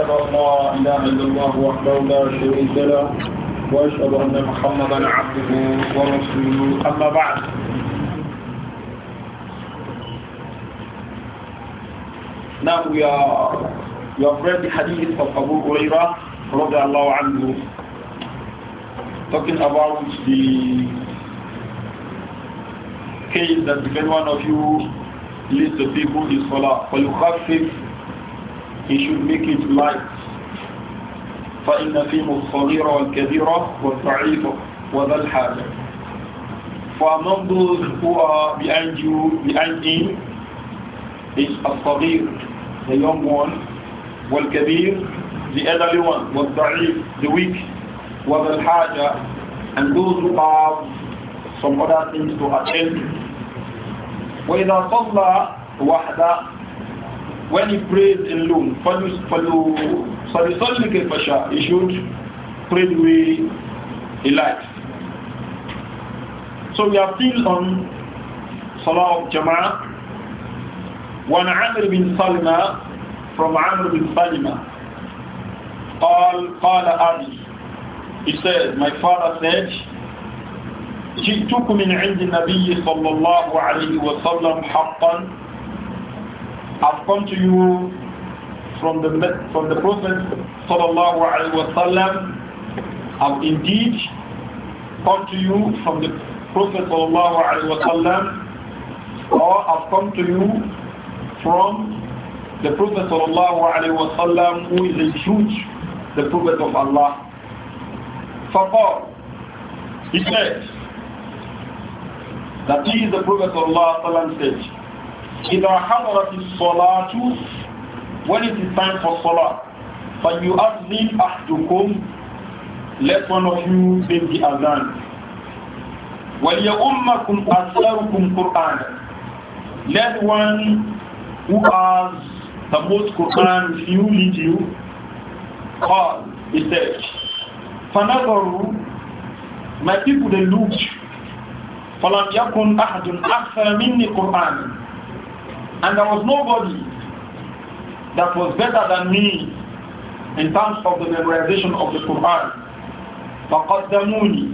لا إله إلا الله وحده لا شريك له وأشهد أن محمدا عبده ورسوله أما بعد Now we are we have read the hadith of Abu Huraira radiallahu anhu talking about the case that when one of you leads the people is for فَيُخَفِّفْ he should make it light. فإن فيهم الصغير والكبير والضعيف وذا الحاجة. For among those who are behind you, behind him, is الصغير, the young one, والكبير, the elderly one, والضعيف, the weak, وذا الحاجة, and those who have some other things to attend. وإذا صلى when he prays alone, فَلُسَلِّكَ الْفَشَاءَ He should pray the way he likes. So we are still on Salah of Jama'ah. وعن عمرو بن سلمة from عمرو بن سلمة قال قال أبي he said my father said جئتكم من عند النبي صلى الله عليه وسلم حقا have come to you from the from the Prophet sallallahu alaihi wasallam have indeed come to you from the Prophet sallallahu alaihi wasallam or have come to you from the Prophet sallallahu alaihi wasallam who is a Jew, the Prophet of Allah. فقال he said that he is the Prophet sallallahu alaihi wasallam said إذا حضرت الصلاة when it is time for salah فليؤذن أحدكم let one of you make the adhan وليؤمكم أكثركم قرآنا let one who has the most Quran with you lead you call he said فنظروا my people they looked فلم يكن أحد أكثر مني قرآنا and there was nobody that was better than me in terms of the memorization of the Quran. فَقَدَّمُونِي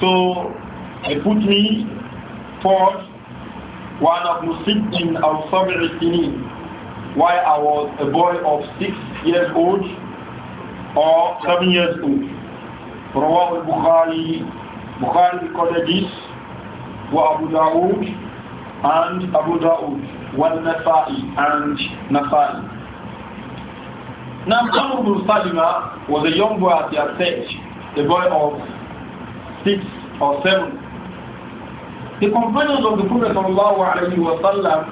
So they put me forth one of the Musibin al Sabiristini while I was a boy of six years old or seven years old. رواه البخاري Bukhari recorded this وأبو داود and Abu Dawood والنفائي and Nafai. Now, Amr ibn Salima was a young boy at their age, a boy of six or seven. The companions of the Prophet وسلم,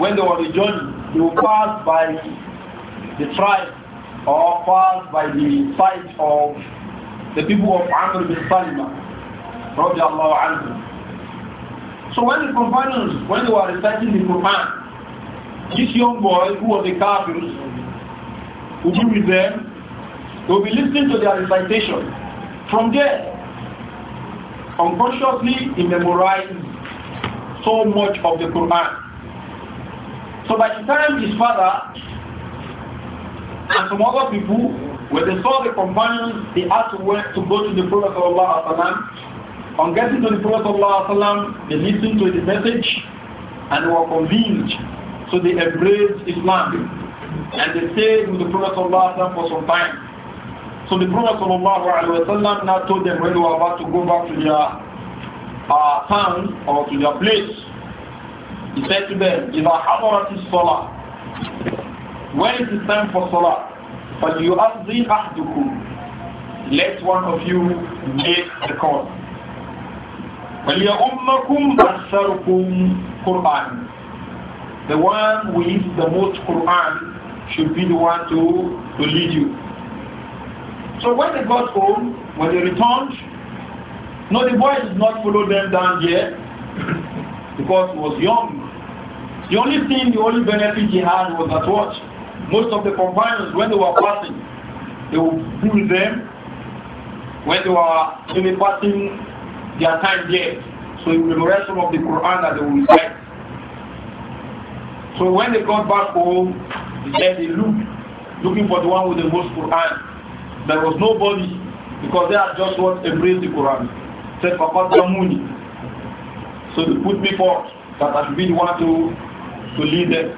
when they were rejoined, they were passed by the tribe or passed by the sight of the people of Amr ibn Salima. So when the companions, when they were reciting the Quran, this young boy who was a kafir would be with them, they would be listening to their recitation. From there, unconsciously he memorized so much of the Quran. So by the time his father and some other people, when they saw the companions, they had to, work, to go to the Prophet on getting to the Prophet ﷺ, they listened to the message and were convinced. So they embraced Islam. And they stayed with the Prophet ﷺ for some time. So the Prophet ﷺ now told them when they were about to go back to their uh, town or to their place, he said to them, "If I have حَضَرَتِ salah, When it is time for Salah, but you فَلْيُؤَذِّنْ أَحْدُكُمْ Let one of you make the call. وَلْيَأُمَّكُمْ أَكْثَرُكُمْ Qur'an. The one with the most Quran should be the one to, to lead you. So when they got home, when they returned, no, the boy did not follow them down here because he was young. The only thing, the only benefit he had was that what? Most of the companions, when they were passing, they would pull them. When they were in the passing their time yet. So you will read some of the Quran that they will recite. So when they got back home, they said they looked, looking for the one with the most Quran. There was nobody because they had just what embraced the Quran. Said Fakat money, So they put me forth that I should be the one to, to lead them.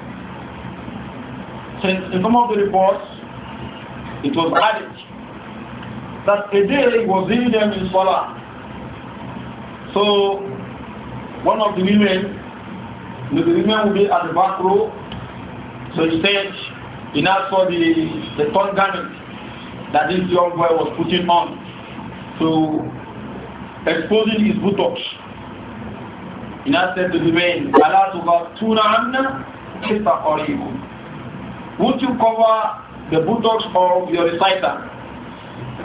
Since in, some of the reports, it was added that a day was in them in Salah so one of the women, the women will be at the back row. So he said, he now saw the, the torn garment that this young boy was putting on. So exposing his buttocks. He now said to the men, Allah tubatuna anna Would you cover the buttocks of your reciter?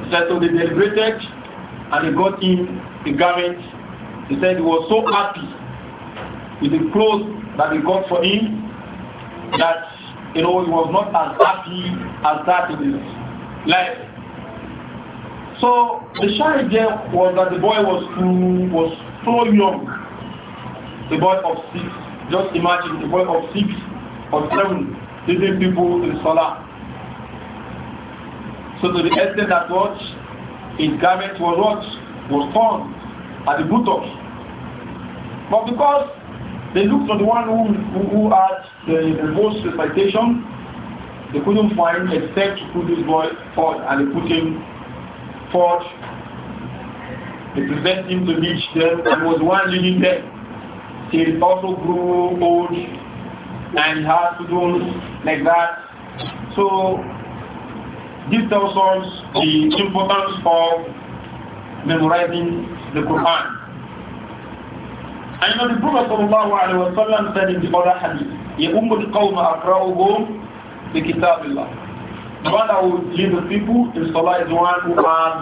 He said, so they deliberated and they got him the garment he said he was so happy with the clothes that he got for him that you know he was not as happy as that in his life. So the shy there was that the boy was too, was so young. The boy of six. Just imagine the boy of six or seven leading people in Salah. So to the extent that what his garment was what was torn at the buttocks. But because they looked for the one who, who, who had the, most recitation, they couldn't find except to put this boy forward and they put him forward. They presented him to each them and was one leading them. He also grew old and had to do like that. So this tells us the importance of memorizing the Quran. And you know, the Prophet sallallahu alayhi wa sallam said in the other hadith, يَأُمُّ الْقَوْمَ أَقْرَأُهُمْ بِكِتَابِ اللَّهِ The one lead the people in Salah is one who has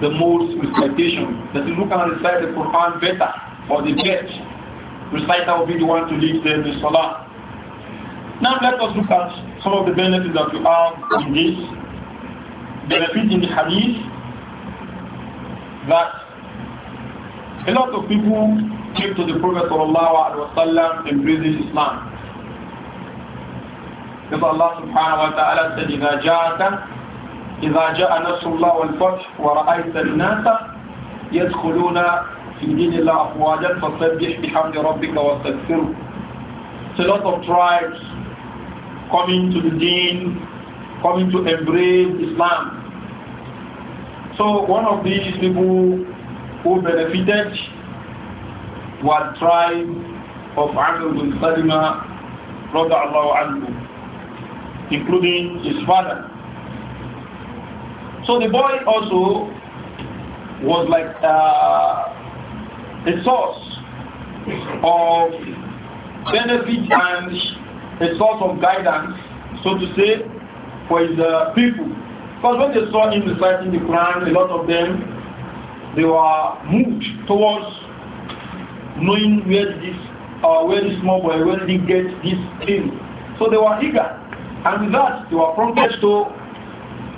the most recitation. That is who can recite the Quran better or the best. Reciter will be the one to lead them in Salah. Now let us look at some of the benefits that we have in this. Benefit in the hadith that a lot of people came to the Prophet وسلم, embracing Islam. If Allah subhanahu wa ta'ala said, إِذَا جَاءَكَ إذا جاء نصر الله والفتح ورأيت الناس يدخلون في دين الله أفواجا فسبح بحمد ربك واستغفره. It's a lot of tribes coming to the deen, coming to embrace Islam. So one of these people who benefited one tribe of Amr bin Salima anhu, including his father. So the boy also was like uh, a source of benefit and a source of guidance, so to say, for his uh, people. Because when they saw him reciting the Quran, a lot of them, they were moved towards knowing where this uh, where this small boy, where they he get this thing. So they were eager. And with that, they were prompted to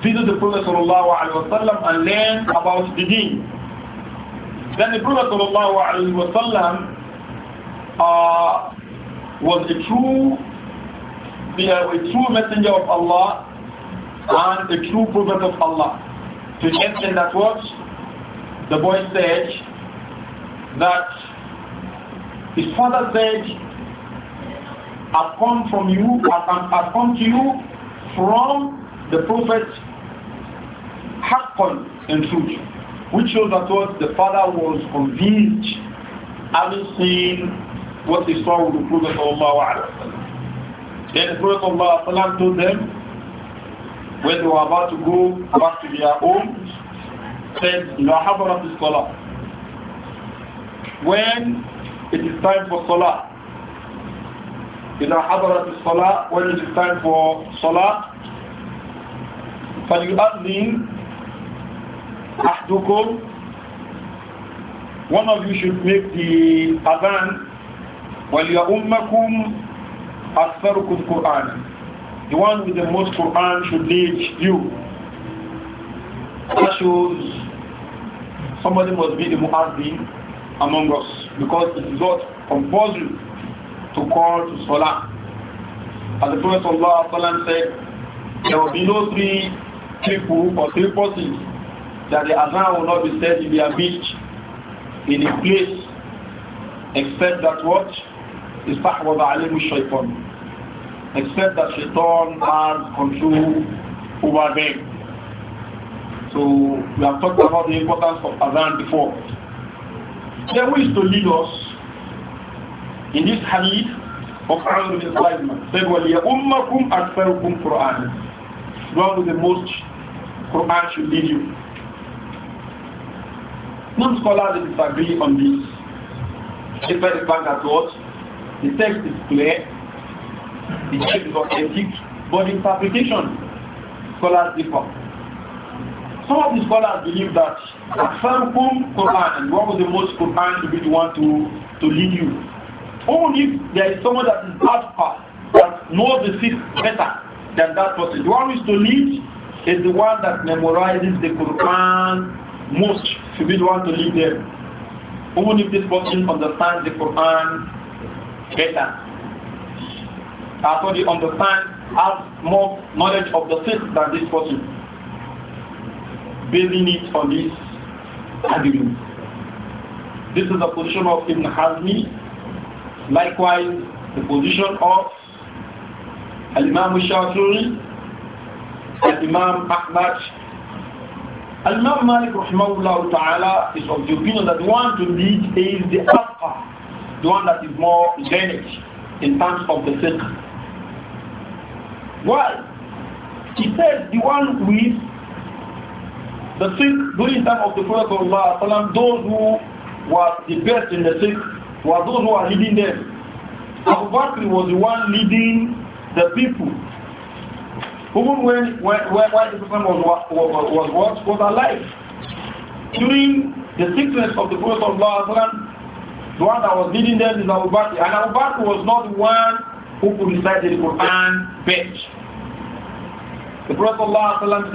visit the Prophet وسلم, and learn about the deen. Then the Prophet وسلم, uh, was a true, uh, a true messenger of Allah and a true prophet of Allah. To the extent that what the boy said that his father said, I've come from you, I've, come to you from the prophet Hakkon in truth, which shows that what the father was convinced having seen what he saw with the Prophet Then the Prophet told them, when they were about to go back to their homes, said, a habara When it is time for salah. إذا حضرت الصلاة when it is time for صلاة فليؤذن أحدكم one of you should make the adhan وليؤمكم أكثركم قرآن the one with the most Quran should lead you that shows somebody must be the muazzin among us because it is not compulsory to call to Salah. As the Prophet Allah said, there will be no three people or three persons that the Azan will not be said in their beach, in a place, except that what? Is Tahwada Alim Shaitan. Except that Shaitan has control over them. So we have talked about the importance of Azan before. Then who is to lead us? In this hadith of Amr bin Sulaiman, said, وَلِيَأُمَّكُمْ أَكْثَرُكُمْ قُرْآنًا One with the most Quran should lead you. Some scholars disagree on this. Despite the fact that what? The text is clear, the text is authentic, but the interpretation scholars differ some of the scholars believe that Aksarukum Quran, and one of the most Quran to be the one to, to lead you. Only if there is someone that is alpha, that knows the system better than that person. The one who is to lead is the one that memorizes the Quran most, To be the one to lead them. Only if this person understands the Quran better. After they understand, has more knowledge of the system than this person basing it on this avenue. This is the position of Ibn Hazmi. Likewise, the position of imam Shafi'i, Al-Imam Ahmad. imam Malik rahimahullah ta'ala is of the opinion that the one to lead is the alpha, the one that is more learned in terms of the fiqh. Why? He says the one with the Sikh during time of the Prophet of Allah, those who were the best in the Sikh were those who were leading them. Abu Bakr was the one leading the people. Even when, when, when, the Prophet was, was, was, was, was alive, during the sickness of the Prophet of Allah, the one that was leading them is Abu Bakr. And Abu Bakr was not the one who could recite the Quran best. The Prophet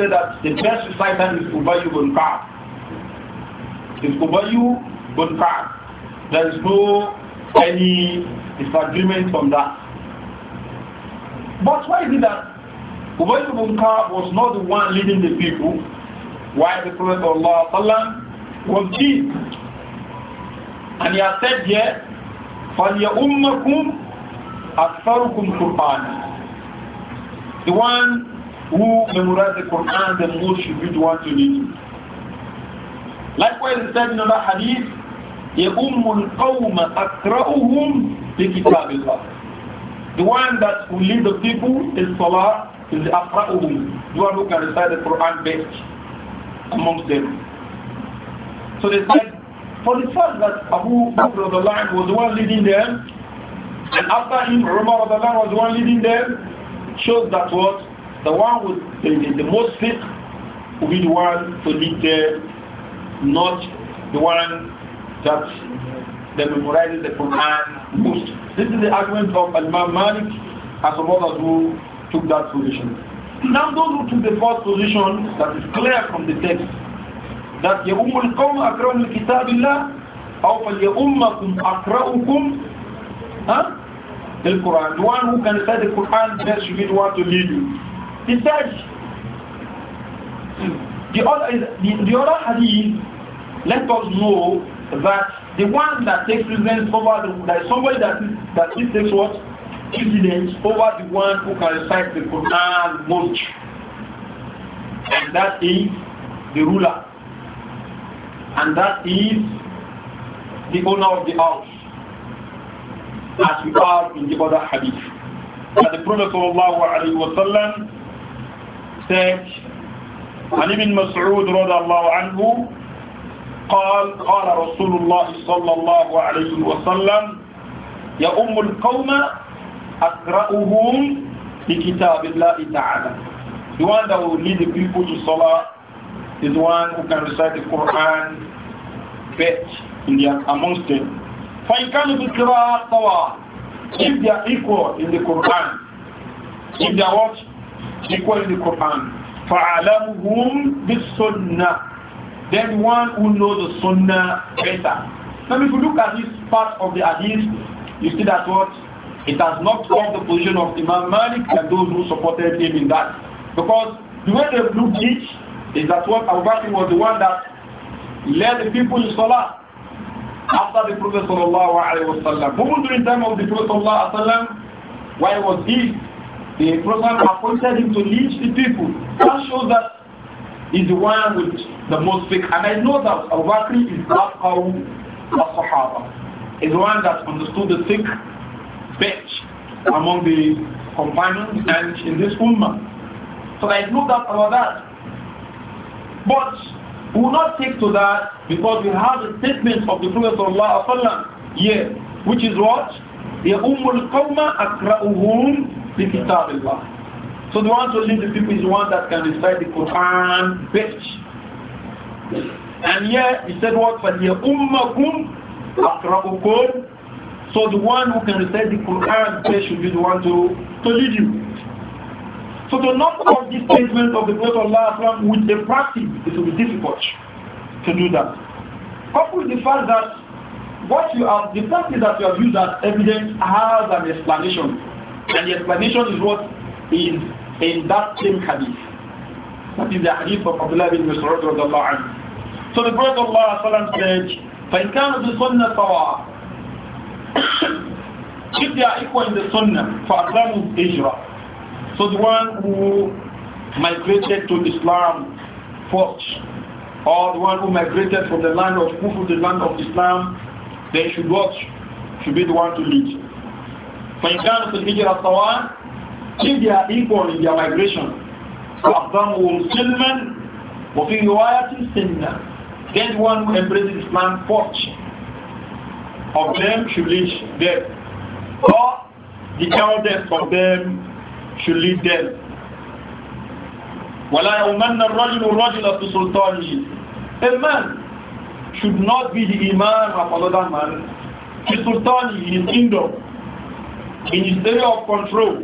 said that the best recitant is Ubayy bin Kaab. It's Ubayy bin Kaab. There is no any disagreement from that. But why is it that Ubayy bin Kaab was not the one leading the people? Why the Prophet Allah was chief? And he has said here, فَلْيَأُمَّكُمْ أَكْثَرُكُمْ قُرْآنًا The one who memorize the Quran the most should be the one to lead Likewise, it said in another hadith, يَأُمُّ الْقَوْمَ أَقْرَأُهُمْ بِكِتَابِ اللَّهِ The one that will lead the people in Salah is the أَقْرَأُهُمْ The one who can recite the Quran best amongst them. So they said, for the fact that Abu Bakr the line was the one leading them, and after him Umar the line was the one leading them, shows that what? The one with the, the, the most fit will be the one to lead them, not the one that that memorizes the Quran most. This is the argument of Imam Malik and some others who took that position. Now those who took the first position that is clear from the text that يَأُمُّ الْقَوْمَ أَكْرَمُ الْكِتَابِ اللَّهِ أَوْ فَلْيَأُمَّكُمْ أَكْرَأُكُمْ huh? The Quran. The one who can recite the Quran best should be the one to lead you. He said, the other, the, the other hadith let us know that the one that takes precedence over the, that somebody that, that takes what? Precedence over the one who can recite the Quran most. And that is the ruler. And that is the owner of the house. As we are in the other hadith. That the Prophet sallallahu alayhi wa عن ابن مسعود رضي الله عنه قال قال رسول الله صلى الله عليه وسلم يا أم القوم أقرأهم بكتاب الله تعالى The one that will lead the people to Salah is the one who can recite the Quran best in their, amongst them. فإن If they are equal in the Quran, if they are what? equal in the Quran. فَعَلَمْهُمْ sunnah, Then one who knows the sunnah better. Now if you look at this part of the hadith, you see that what? It has not come the position of Imam Malik and those who supported him in that. Because the way they looked it is that what Abu Bakr was the one that led the people in Salah after the Prophet Sallallahu Alaihi Wasallam. Who during the time of the Prophet Sallallahu Alaihi Wasallam, why was he the Prophet appointed him to lead the people. That shows that he's the one with the most faith. And I know that Abu Bakr is that how the Sahaba. He's the one that understood the thick bench among the companions and in this woman. So I know that about that. But we will not take to that because we have the statement of the Prophet of Allah here, which is what? يَأُمُّ الْقَوْمَ أَكْرَأُهُمْ بِكِتَابِ اللَّهِ So the one to lead the people is the one that can recite the Quran best. And here he said what? for فَلْيَأُمَّكُمْ أَقْرَأُكُمْ So the one who can recite the Quran best should be the one to, to lead you. So the knock off this statement of the Prophet Allah with the practice, it will be difficult to do that. Coupled with the fact that what you have, the practice that you have used as evidence has an explanation. And the explanation is what is in that same hadith. That is the hadith of Abdullah bin Mas'ud anhu. So the Prophet Allah said, فَإِنْ كَانَ بِالسُنَّةِ سَوَاءً If they are equal in the sunnah, for فَأَسْلَمُ ijra, So the one who migrated to Islam first, or the one who migrated from the land of Kufu to the land of Islam, they should watch, should be the one to lead. فإن كانت الهجرة سواء if they are equal in their migration will سلما وفي رواية سنا then the one who embraces Islam fortune, of them should lead them or the eldest of them should lead them ولا يؤمن الرجل الرجل في سلطانه a man should not be the imam of another man في سلطانه in his kingdom of control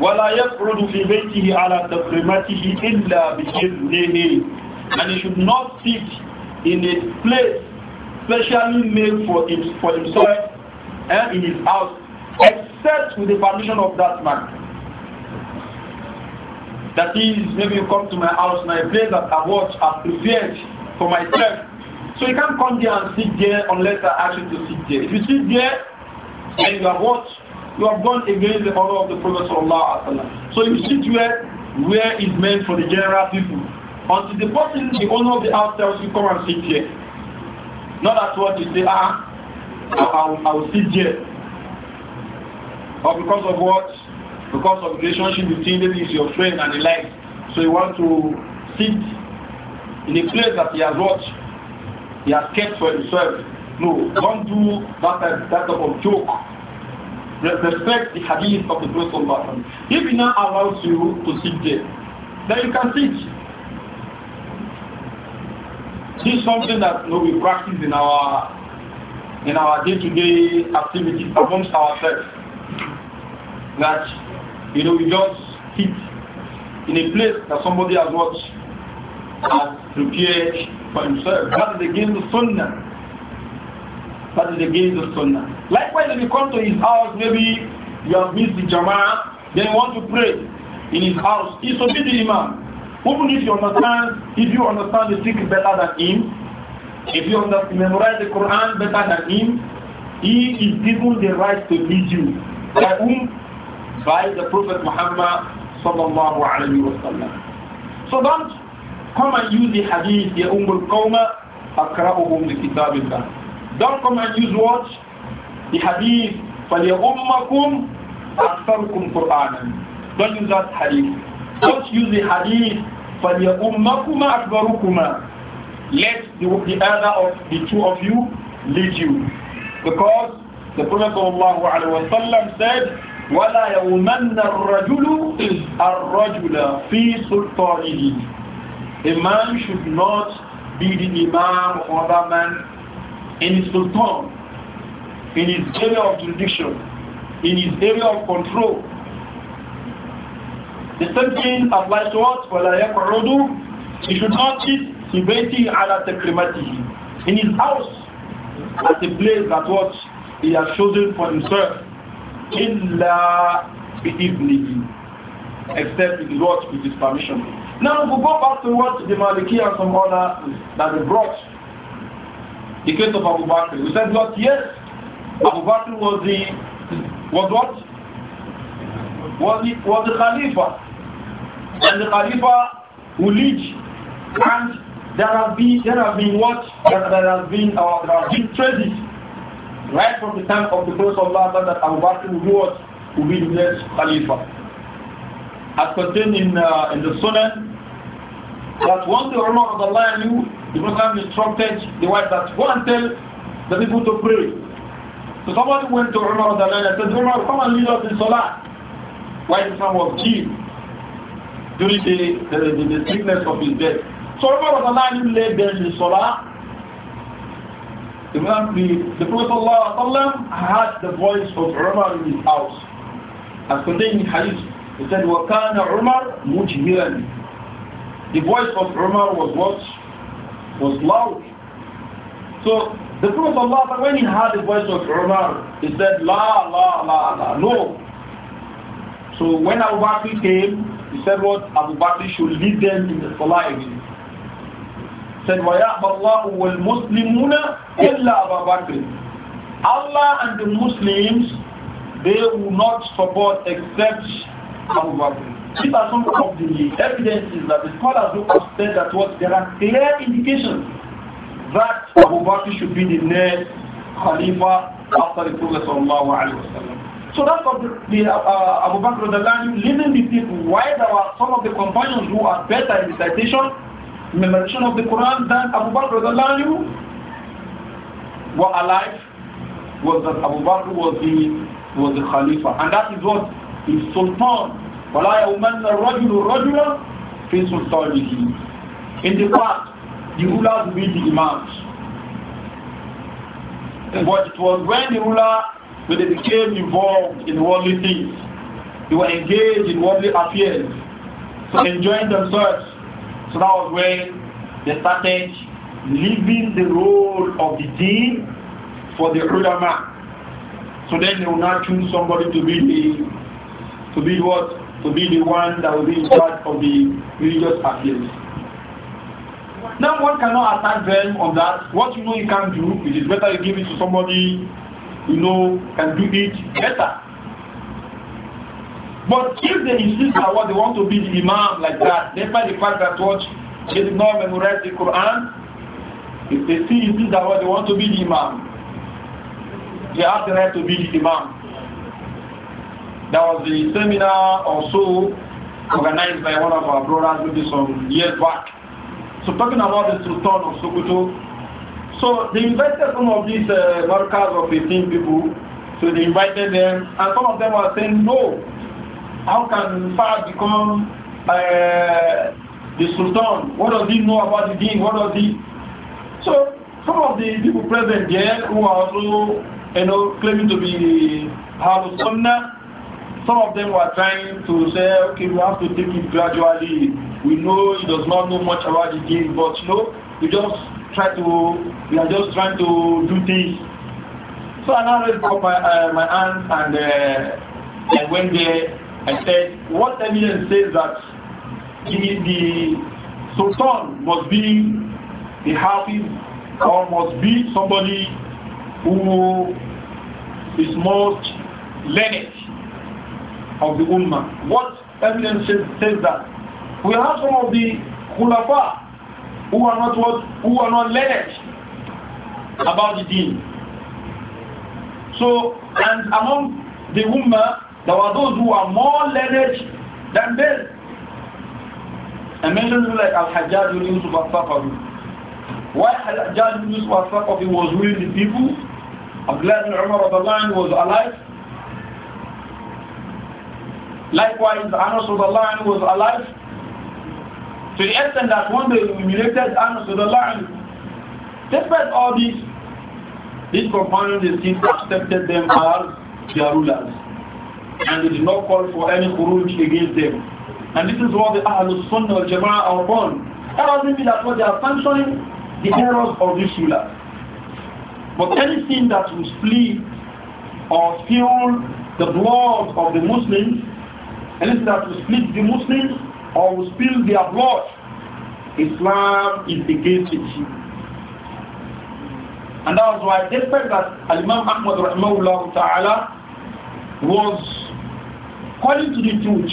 ولا يخرج في بيته على تقريمته إلا بإذنه and he should not sit in a place specially made for, him, for himself and eh, in his house except with the permission of that man that is maybe you come to my house my place that I watch I prepared for myself so you can't come there and sit there unless I ask you to sit there if you sit there and you are what? You have gone against the honor of the Prophet So you sit where, where is meant for the general people. Until the person, the owner of the house tells you, come and sit here. Not that's what you say, ah, I will, I will sit here. Or because of what? Because of relationship between maybe it's your friend and the like. So you want to sit in a place that he has what? He has kept for himself. No, don't do that type, that of joke. Respect the hadith of the Prophet Sallallahu If he now allows you to sit there, then you can sit. This is something that you know, we practice in our in our day-to-day -day activities amongst ourselves. That you know we just sit in a place that somebody has watched has prepared for himself. That is against the sunnah that is against the sunnah. Likewise, if you come to his house, maybe you have missed the jama'ah, then you want to pray in his house, he's a the imam. Even if you understand, if you understand the fiqh better than him, if you understand, memorize the Quran better than him, he is given the right to lead you. By whom? By the Prophet Muhammad sallallahu alayhi wa sallam. So don't come and use the hadith, ya umul الْقَوْمَ أَقْرَأُهُمْ لِكِتَابِ اللَّهِ don't come and use words. The hadith, فَلْيَغُمَّكُمْ أَكْثَرُكُمْ قُرْآنًا Don't use that hadith. Don't use the hadith, فَلْيَغُمَّكُمَ أَكْبَرُكُمَا Let the, the other of the two of you lead you. Because the Prophet ﷺ said, ولا يؤمن الرجل الرجل في سلطانه a man should not be the imam of another man in his sultan, in his area of jurisdiction, in his area of control. The same thing applies to us. وَلَا يَقْعُدُ He should not sit في بيته the تكريمته. In his house, at a place that what he has chosen for himself. إِلَّا living, Except with what? With his permission. Now we we'll go back to what the Maliki and some other that they brought because of Abu Bakr. We said what? Yes. Abu Bakr was the was what? Was the, was the Khalifa. And the Khalifa who lead. And there have been there have been what? There, there has been uh, there have been traces. Right from the time of the Prophet of Allah that Abu Bakr was who what? be the next Khalifa. As contained in, uh, in the Sunnah, that once the Umar of Allah knew the Prophet instructed the wife that go and tell the people to pray. So somebody went to Umar and said, Umar, come and lead us in Salah. While Islam was killed during the, the, the, the sickness of his death. So Umar led them in Salah the, the Prophet Allah had the voice of Umar in his house. As contained in Hadith, he said, kana Umar مُجْهِرًا The voice of Umar was what? was loud. So the Prophet Allah, when he heard the voice of Umar, he said, La, la, la, la, no. So when Abu Bakr came, he said what Abu Bakr should lead them in the Salah said, وَيَعْبَ اللَّهُ وَالْمُسْلِمُونَ إِلَّا أَبَا Allah and the Muslims, they will not support except Abu Bakr. These are some of the evidences that the scholars who have said that what there are clear indications that Abu Bakr should be the next Khalifa after the Prophet Sallallahu Alaihi Wasallam. So that's what the, the uh, uh Abu Bakr Radhalani leading the people why there are some of the companions who are better in recitation, memorization of the Quran than Abu Bakr Radhalani were alive was that Abu Bakr was the was the Khalifa and that is what is Sultan وَلَا يَوْمَنَّ الرَّجُلُ الرَّجُلَ فِي سُلْطَانِهِ In the past, the rulers beat the imams. But it was when the ruler, when they became involved in worldly things, they were engaged in worldly affairs, so enjoying themselves. So that was when they started leaving the role of the dean for the ulama. So then they will not choose somebody to be the, to be what to be the one that will be in charge of the religious affairs. Now one cannot attack them on that. What you know you can't do, it is better you give it to somebody you know can do it better. But if they insist that what they want to be the imam like that, despite the fact that what they did not memorize the Quran, if they still insist that what they want to be the imam, they have the right to be the imam. There was the seminar also organized by one of our brothers maybe some years back. So talking about the Sultan of Sokoto. So they invited some of these uh, workers of 15 people. So they invited them and some of them were saying, no, how can Far become uh, the Sultan? What does he know about the deen? What does he? So some of the people present there who are also you know, claiming to be Ahlul Sunnah, some of them were trying to say, okay, we have to take it gradually. We know he does not know much about the game, but you know, we just try to, we are just trying to do things. So I now raised up my, uh, my hands and uh, I went there. I said, what evidence says that the, the Sultan must be the happy or must be somebody who is most learned of the Ummah. What evidence says that? We have some of the Khulafa who are not what, who are not learned about the deen. So, and among the Ummah, there were those who are more learned than them. I mentioned like Al-Hajjaj ibn Yusuf al-Saqafi. Why Al-Hajjaj ibn Yusuf al-Saqafi was ruling the people? Abdullah ibn Umar was alive Likewise, Anas Rudallah was alive. To the extent that one when they humiliated Anas Rudallah, despite all this, these companions still accepted them as their rulers. And they did not call for any khuruj against them. And this is what the Ahlus Sunnah wal Jama'ah are upon. That doesn't mean that what they are sanctioning the errors of these rulers? But anything that will split or spill the blood of the Muslims anything that will split the Muslims or spill their blood, Islam is against it. And that was why they said that Imam Ahmad Ta'ala was calling to the truth.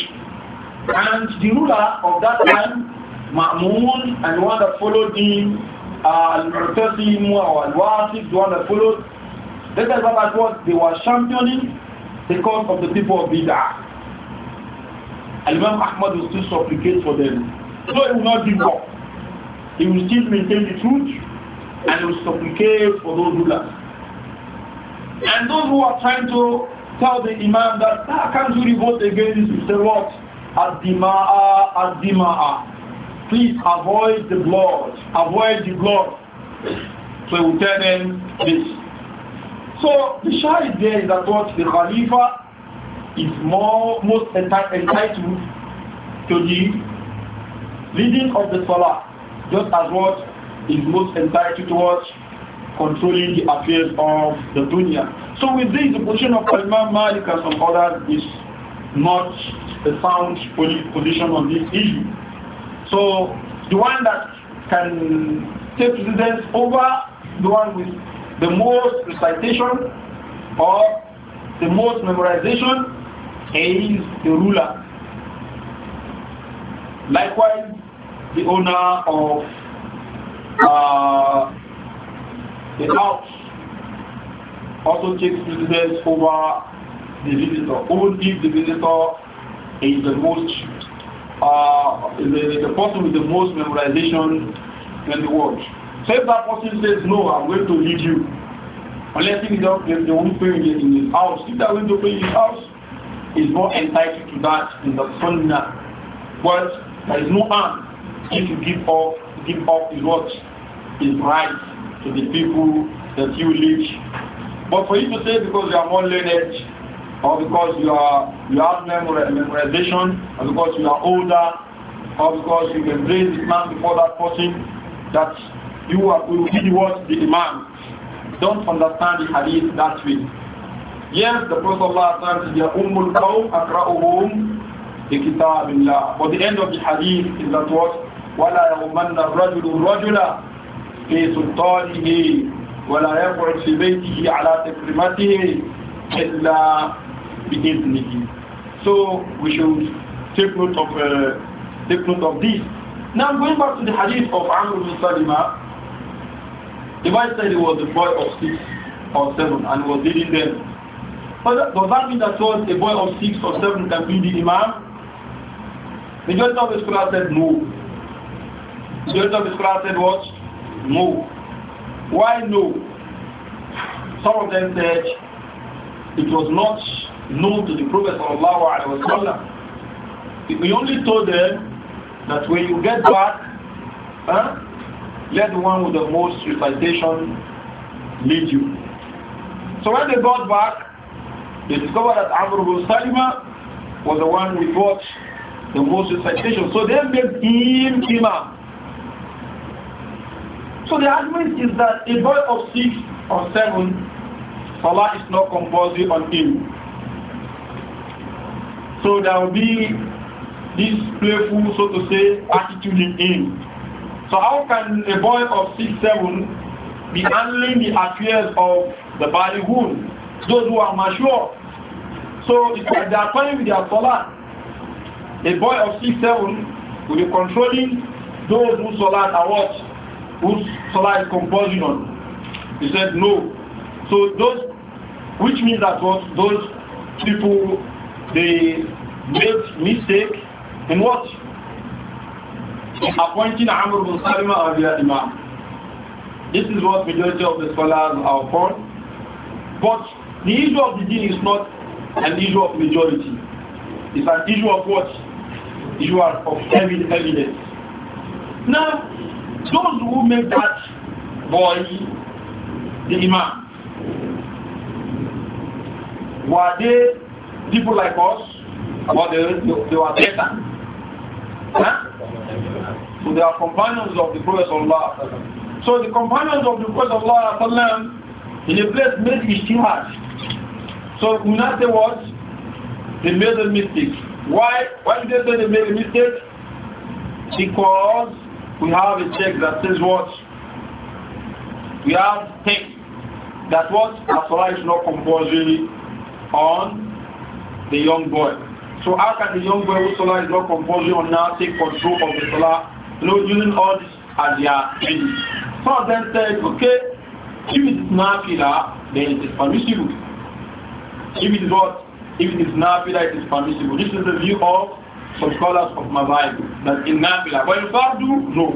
And the ruler of that time, Ma'mun, and one that followed him, uh, Al-Mu'tasim Al-Wasif, the one that followed, that is what they were championing the cause of the people of Bid'ah. Imam Ahmad will still supplicate for them. So he will not give up. He will still maintain the truth and he will supplicate for those rulers. And those who are trying to tell the Imam that how ah, can not you revolt against this? Say what? Ad-dima'a, ad-dima'a. Please avoid the blood. Avoid the blood. So he will tell them this. So the shahid there is that what the Khalifa is more most entitled to the leading of the salah, just as what is most entitled towards controlling the affairs of the dunya. So with this, the position of Imam Malik and some others is not a sound position on this issue. So the one that can take precedence over the one with the most recitation or the most memorization is the ruler. Likewise, the owner of uh, the house also takes precedence over the visitor, even if the visitor is the most uh, the, the person with the most memorization in the world. So if that person says, no, I'm going to lead you, unless he is, the only they in his house. If they're going to pay in his house, is more entitled to that in the sunnah. But there is no harm if you give up, give up is what is right to the people that you lead. But for you to say because you are more learned, or because you are you have memorization, or because you are older, or because you the Islam before that person, that you are you will be what the demand. Don't understand the hadith that way. Yes, the Prophet Allah said, Ya Ummul Qawm akra'uhum bi kitabillah. But the end of the hadith is that what? وَلَا يَغْمَنَّ الرَّجُلُ الرَّجُلَ فِي سُلْطَانِهِ وَلَا يَقْعُدْ فِي بَيْتِهِ عَلَى تَكْرِمَتِهِ إِلَّا بِإِذْنِهِ So we should take note of, uh, take note of this. Now going back to the hadith of Amr bin Salima, the wife said he was a boy of six or seven and was leading them but does that mean that was a boy of six or seven can be the imam? Majority of the scholars said no. Majority of the scholars said what? No. Why no? Some of them said it was not known to the Prophet of wasallam. We only told them that when you get back, huh, let the one with the most recitation lead you. So when they got back, they discovered that Amr ibn Salima was the one with what? The most recitation. So they made him Imam. So the argument is that a boy of six or seven, Salah is not compulsory on him. So there will be this playful, so to say, attitude in him. So how can a boy of six, seven be handling the affairs of the ballyhoon? Those who are mature. So if they are playing with their salah. A boy of six, seven will be controlling those who salah are what? Whose salah is composing on. He said no. So those, which means that what those people they made mistake in what? appointing Amr bin Salima as their imam. This is what majority of the scholars are upon. But the issue of the deen is not an issue of majority. It's an issue of what? Issue of evidence. Now, those who make that boy the imam, were they people like us? Or they, they were better? Huh? So they are companions of the Prophet Allah. So the companions of the Prophet Allah in a place made ishtihad. So we not say what? They made a mistake. Why? Why did they say they made a mistake? Because we have a check that says what? We have text that what? Asura is not compulsory on the young boy. So how can the young boy whose solar is not compulsory on now take control of the solar? You know, using all this as their means. Some of them said, okay, if it's nafila, then it is permissible. If it is what? If it is nafila, it is permissible. This is the view of some scholars of Mazahib, that in nafila. But in fardu, no.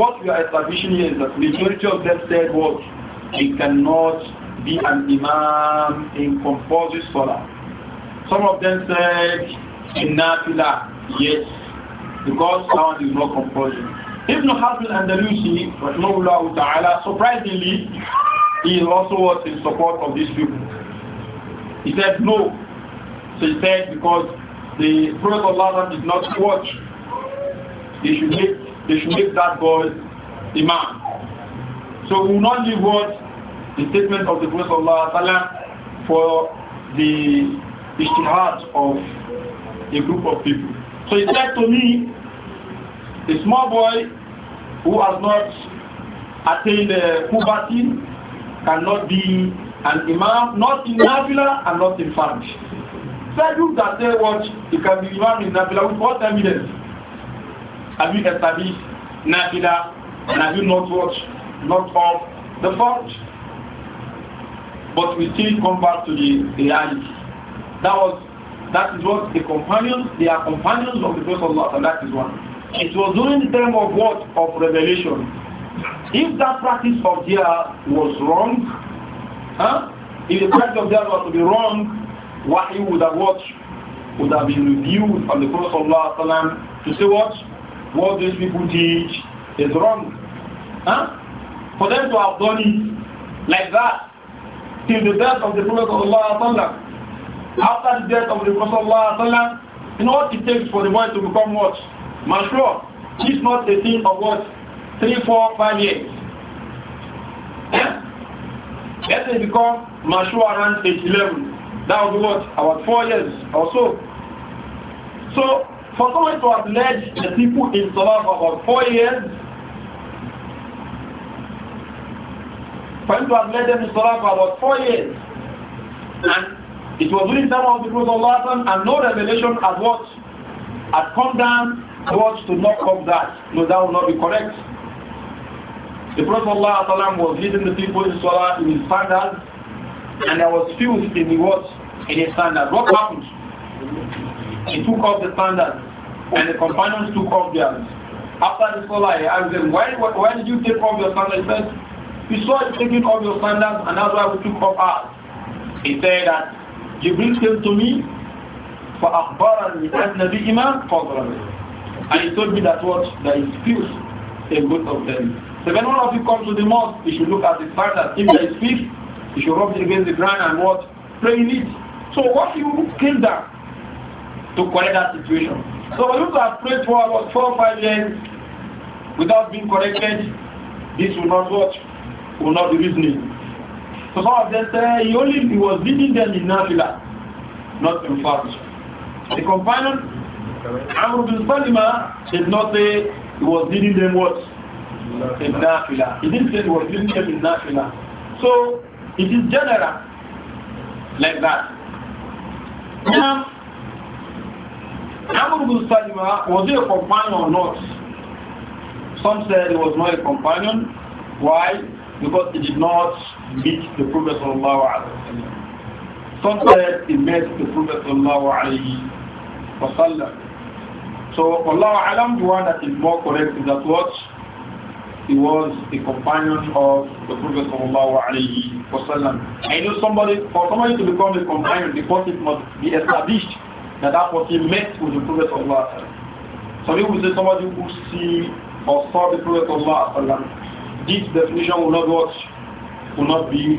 What we are establishing here is that the majority of them said what? It cannot be an imam in compulsory scholar. Some of them said in nafila, yes, because sound is not compulsory. Ibn Hazm al-Andalusi, rahimahullah ta'ala, surprisingly, he also was in support of these people. He said no. So he said because the Prophet Allah did not watch. They should make they should make that God Imam. So we will not leave what the statement of the Prophet Allah for the ishtihad of a group of people. So he said to me, a small boy who has not attained uh, puberty cannot be an imam, not in Nafila and not in Farj. Sadhu that they watch, it can be imam in Nafila with what evidence? Have you established Nafila and have you not watched, not of the Farj? But we still come back to the reality. That was, that is what the companions, they are companions of the Prophet Allah, and that is one. It was during the time of what? Of revelation. If that practice of theirs was wrong, huh? if the practice of theirs was to be wrong, Wahi would have watched Would have been reviewed on the Prophet to say what? What these people teach is wrong. Huh? For them to have done it like that till the death of the Prophet after the death of the Prophet you know what it takes for the boy to become what? Mashruh is not the thing of what? Three, four, five years. Eh? Let it become around age 11. That was be what? About four years or so. So, for someone to have led the people in Salah for about four years, for him to have led them in Salah for about four years, and it was during some of the Prophet and no revelation at what had come down wants to knock off that. No, that will not be correct. The Prophet ﷺ was leading the people in Salah in his standard, and there was filth in the what? In his standard. What happened? He took off the standard, and the companions took off theirs. After the Salah, I asked them, why, why, why did you take off your standards? He said, we saw you taking off your standards, and that's why we took off ours. He said that, Jibril came to me, فأخبرني أن بهما فضلا and he told me that what? There is peace in both of them. So when one of you comes to the mosque, you should look at the fact that if there is peace, you should rub it against the ground and what? Pray in it. So what you came down to correct that situation. So when you have prayed for about four or five years without being corrected, this will not work, will not be reasoning. So some of them say he only he was leading them in Nafila, not in fast. The companion Amr bin Salima did not say he was leading them what? In Nafila. He didn't say he was leading them in Nafila. So it is general like that. Now, Amr bin Salima, was he a companion or not? Some said he was not a companion. Why? Because he did not meet the Prophet Some said he met the Prophet Sallallahu Alaihi Wasallam. So Allah Alam, the one that is more correct is that what he was a companion of the Prophet wasallam. I know somebody for somebody to become a companion, the person must be established that that was he met with the Prophet wasallam. So people say somebody who see or saw the Prophet wasallam. This definition will not what will not be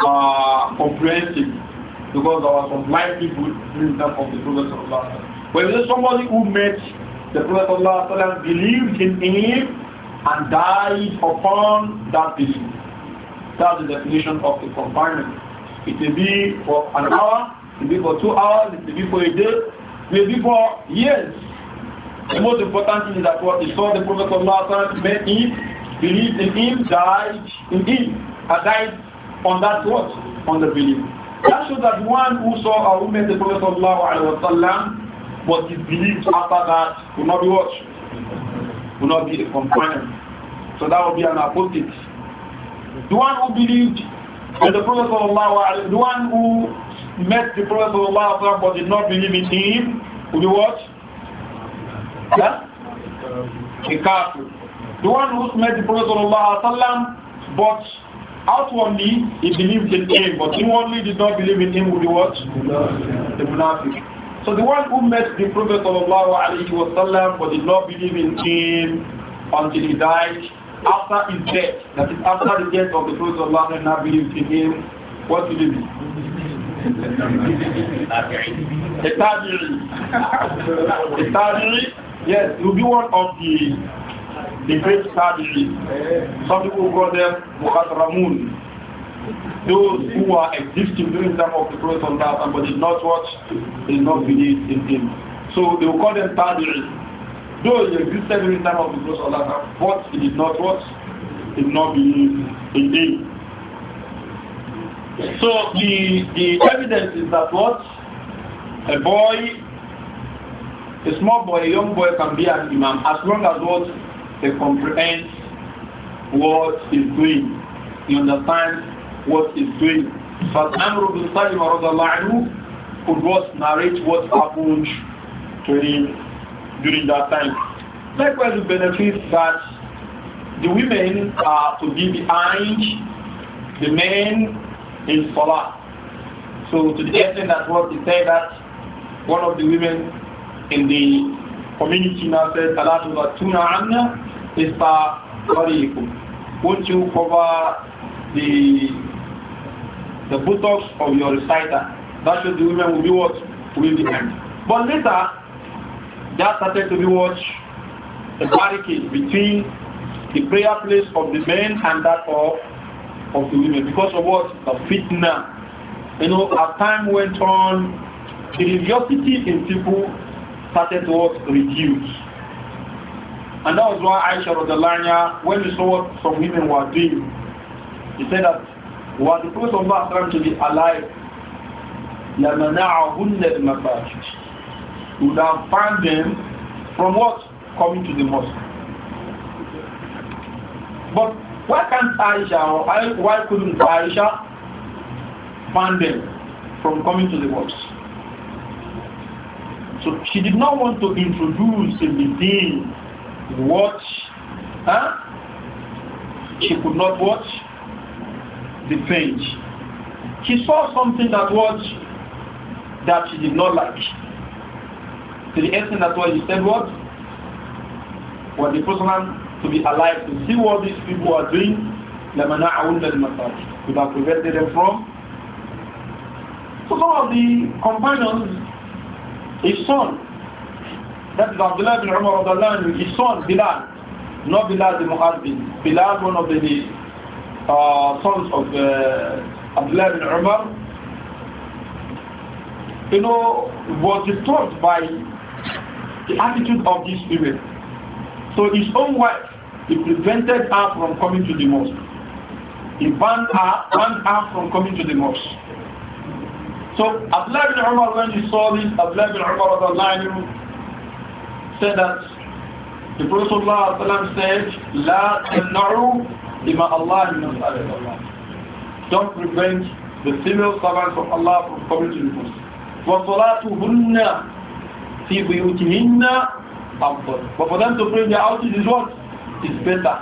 uh, comprehensive because there were some blind people in terms of the Prophet wasallam. Whether somebody who met the Prophet ﷺ, believed in him and died upon that belief. That's the definition of the confinement. It may be for an hour, it may be for two hours, it may be for a day, it may be for years. The most important thing is that what he saw the Prophet of Allah met him, believed in him, died in him, and died on that what? On the belief. That shows that one who saw or who met the Prophet of Allah but his belief after that will not be what? Will not be a companion. So that will be an apostate. The one who believed in the Prophet of Allah, the one who met the Prophet of Allah but did not believe in him, will be what? Yeah? A kafir. The one who met the Prophet of Allah, but outwardly he believed in him, but inwardly did not believe in him, will be what? The munafiq. So the one who met the Prophet wasallam but did not believe in him until he died, after his death, that is after the death of the Prophet Allah and not believed in him, what will it be? the Tajiri. The Tajiri, yes, he will be one of the the great Tajiri. Some people call them Ramun those who are existing during the time of the Prophet on that, but did not watch, did not believe in him. So they will call them Tabi'in. Though he existed during the time of the Prophet on that, but he did not watch, did not believe in him. So the, the evidence is that what? A boy, a small boy, a young boy can be an imam as long as what they comprehend what is doing. He understands what he's doing. But Amr ibn Salima could was narrate what happened to him during that time. Likewise, the benefit that the women are to be behind the men in Salah. So to the extent that what they say that one of the women in the community now said, Salatu Tuna Anna is Won't you cover the the buttocks of your reciter. That shows the women will be what? Will be end. But later, that started to be what? A barricade between the prayer place of the men and that of, of the women. Because of what? The fitna. You know, as time went on, the religiosity in people started to what? reduce. And that was why Aisha Rodalanya, when we saw what some women were doing, he said that were the Prophet of Allah to be alive, لَمَنَعَهُنَّ الْمَسَاجِدِ would have banned them from what? Coming to the mosque. But why can't Aisha or why couldn't Aisha ban them from coming to the mosque? So she did not want to introduce in the what huh? she could not watch the page. He saw something that was that he did not like. To the extent that what he said what? Was the person to be alive to see what these people are doing, لَمَنَعَهُنَّ الْمَسَاجِ Would have prevented them from. So some of the companions, his son, that is Abdullah bin Umar, his son, Bilal, not Bilal the Muhammad, Bilal one of the uh, sons of uh, Abdullah bin Umar, you know, was disturbed by the attitude of these women. So his own wife, he prevented her from coming to the mosque. He banned her, banned her from coming to the mosque. So Abdullah bin Umar, when he saw this, Abdullah bin Umar said that the Prophet said, La lima Allah min Allah. Don't prevent the female servants of Allah from committing this. وَصَلَاتُهُنَّ فِي بُيُوتِهِنَّ أَفْضَلُ But for them to bring their out is what? Is better.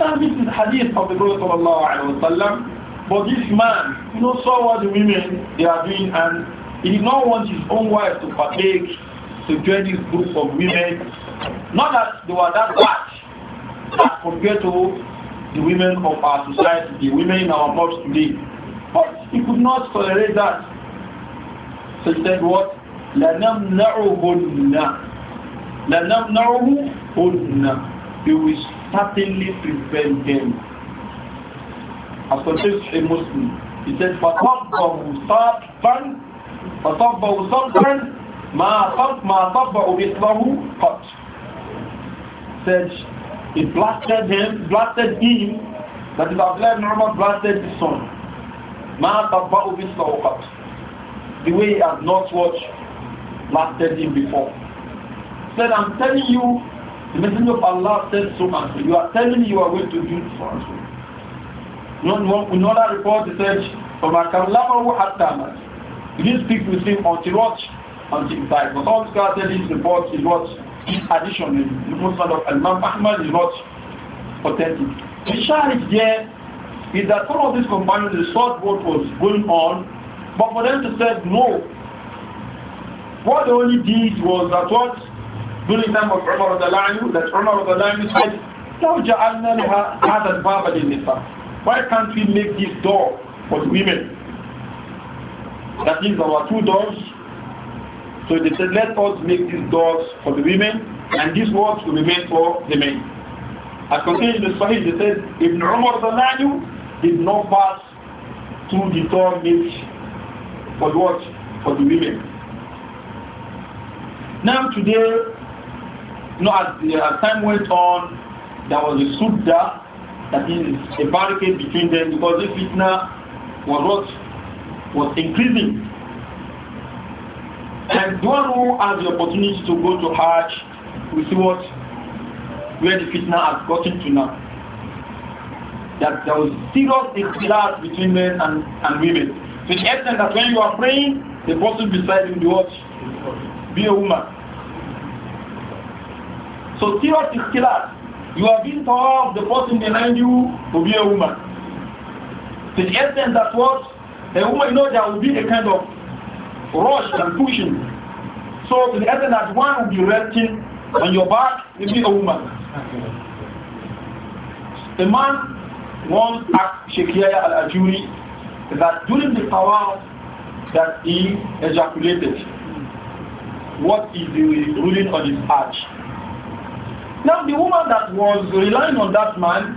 Now this is hadith of the Prophet sallallahu alayhi wa sallam. But this man, you know, saw what the women they are doing and he did not want his own wife to partake to join this group of women. Not that they were that bad as compared to the women of our society, the women in our mosques today. But he could not tolerate that. So he said what? لَنَمْنَعُهُنَّ لَنَمْنَعُهُنَّ We will certainly prevent them. As for contains a Muslim, he said, فَطَبَّهُ صَبًّا فَطَبَّهُ صَبًّا مَا طَبَّهُ مِثْلَهُ قَطْ Said, he blasted him, blasted him, that is Abdullah ibn Umar blasted his son. The way he had not watched, blasted him before. Said, I'm telling you, the Messenger of Allah said so much. You are telling me you are going to do for us. No, no, another report, he said, from Akallamahu Hattamat. He didn't speak with him until watch Until he died. But all scholars said this report is what? In addition, the Muslim of Imam Ahmad is not authentic. The challenge there is that some of these companions thought what was going on, but for them to say no. What they only did was that what during the time of Umar that Umar said, لو جعلنا لها هذا الباب why can't we make this door for the women that means there two doors so they said, let us make these doors for the women, and these ones will be made for the men. As contained in the Sahih, they said, Ibn Umar Zanaju did not pass through the door made for what? For the women. Now today, you know, as, as time went on, there was a sudda, that is a barricade between them because this fitna was what? Was increasing and the who has the opportunity to go to Hajj, we see what where the fitna has gotten to now. That there was serious ikhtilat between men and, and women. So the extent that when you are praying, the person beside you will be a woman. So serious ikhtilat. You are being told the person behind you to be a woman. To the extent that what a woman, you know, there will be a kind of rushed and pushing. So to the extent that one will be resting on your back, maybe a woman. A man once asked Sheikh Yahya al-Ajuri that during the power that he ejaculated, what is the ruling on his arch? Now the woman that was relying on that man,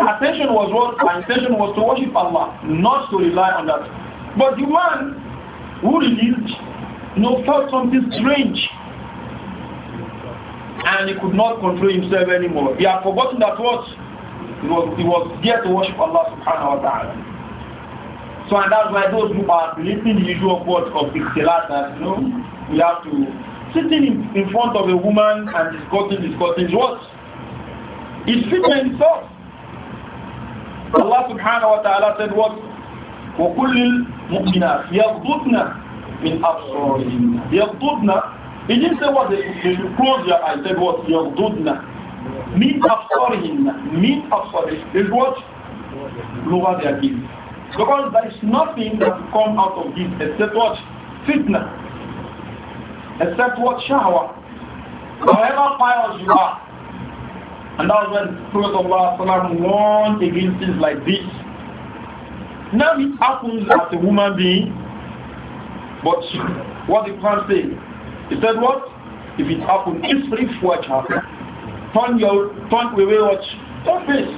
her attention was what? Her intention was to worship Allah, not to rely on that. But the man who released you know, felt something strange and he could not control himself anymore. He had forgotten that what he was he was there to worship Allah subhanahu wa ta'ala. So and that's why those who are believing the usual words of Ikhtilat that you know we have to sitting in, in front of a woman and discussing discussing what? It's fitting himself. Allah subhanahu wa ta'ala said what وكل المؤمنات يغضضن من أبصارهن يغضضن He didn't say what close eyes. what يغضضن من أبصارهن من أبصارهن is what lower their Because there is nothing that will come out of this except what fitna, except what shahwa. However pious you are, and that's was when Prophet Allah warned against things like this. Now it happens as a human being, but what the Quran says, he said what? If it happens, it's free for child. Turn your turn away watch. your face.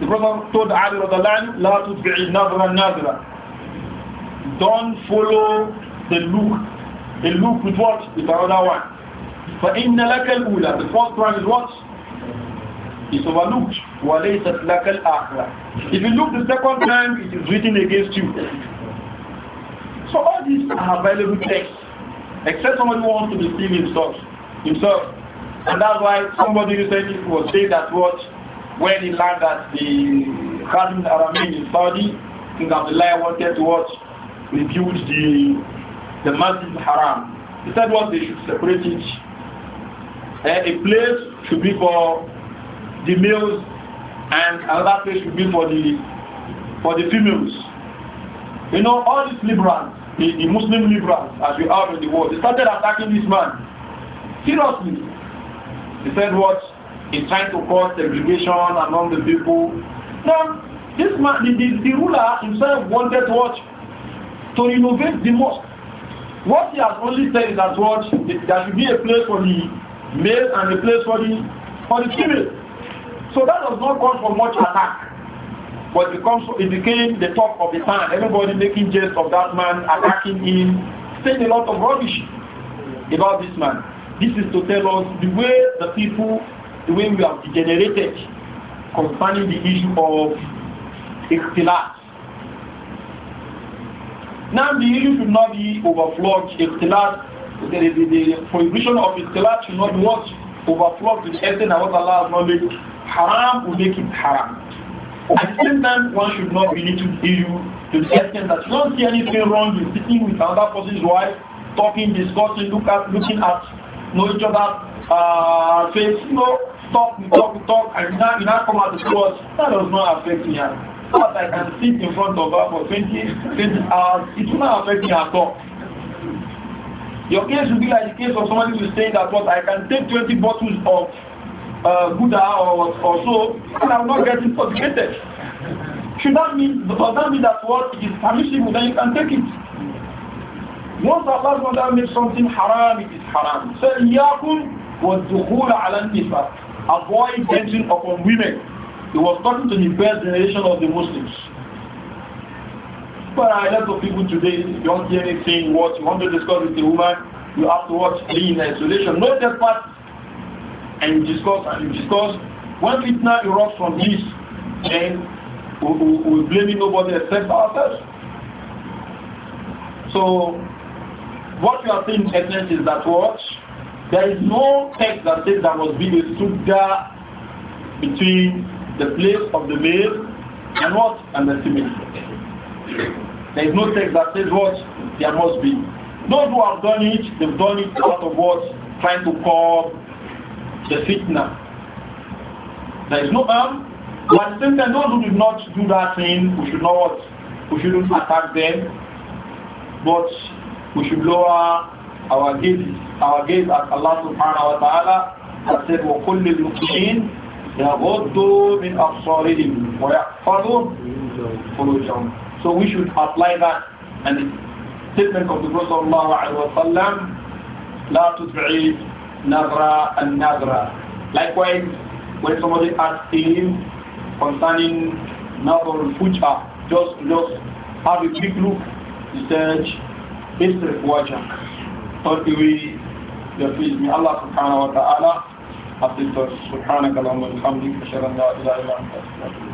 The Prophet told Ali land, La tutbi'i nadra nadra. Don't follow the look. The look with what? With another one. فَإِنَّ لَكَ الْأُولَى The first one is what? It's overlooked. وَلَيْسَتْ لَكَ If you look the second time, it is written against you. So all these are available texts, except somebody who wants to deceive himself. himself. And that's why somebody recently was saying that what, when he learned that the Khadim Aramin in Saudi, King Abdullah wanted to watch, rebuild the, the Masjid Haram. He said what they should separate it. Uh, a place should be for the males and another place should be for the for the females. You know, all these liberals, the, the Muslim liberals, as we have in the world, they started attacking this man. Seriously. He said what? He's trying to cause segregation among the people. Now, this man, the, the, the ruler himself wanted what? To innovate the mosque. What he has only said is that what? There should be a place for the male and a place for the, for the female. So that does not come from much attack. But it, it became the talk of the town. Everybody making jest of that man, attacking him, saying a lot of rubbish about this man. This is to tell us the way the people, the way we have degenerated concerning the issue of ikhtilat. Now the issue should not be overflowed. Ikhtilat, the, the, the prohibition of ikhtilat should not be watched overflow to the extent that what Allah has not made haram will make it haram. At the same time, one should not be little issue to the extent that you don't see anything wrong with sitting with another person's wife, talking, discussing, look at, looking at know, each other. uh, face. You know, talk, talk, talk, and you now, you now come out the cross. That does not affect me. But I can sit in front of her for 20, 20 hours. It will not affect me at all. Your case will be like the case of somebody who is saying that what I can take 20 bottles of uh, Buddha or, or so, and I'm not getting intoxicated. Should that mean, does that mean that what is permissible, then you can take it? Once Allah SWT makes something haram, it is haram. So, إِيَّاكُمْ وَالدُّخُولَ عَلَى النِّسَىٰ Avoid dancing upon women. He was talking to the first generation of the Muslims. But a lot of people today, don't hear anything, what you want to discuss with a woman, you have to watch in isolation. Not just part. And you discuss and you discuss. When fitna erupts from this, then we're blaming nobody except ourselves. So, what you are saying, essence, is that what? There is no text that says there must be a there between the place of the male and what? And the female. There is no text that says what? There must be. Those who have done it, they've done it out of what? Trying to curb the fitna. There is no harm. But at the same time, those who did not do that thing, we should not we shouldn't attack them. But we should lower our gaze, our gaze at Allah subhanahu wa ta'ala that said, وَكُلِّ min يَغُضُّوا wa أَبْصَارِهِمْ وَيَحْفَظُوا فُرُوجَهُمْ so we should apply that. And the statement of the Prophet ﷺ, لا تدعي نظرة النظرة. Likewise, when somebody asks him concerning نظر الفجأة, just, just have a quick look, he said, بسر وجهك. تركوي يفيد من الله سبحانه وتعالى حفظت سبحانك اللهم وبحمدك اشهد ان لا اله الا انت استغفرك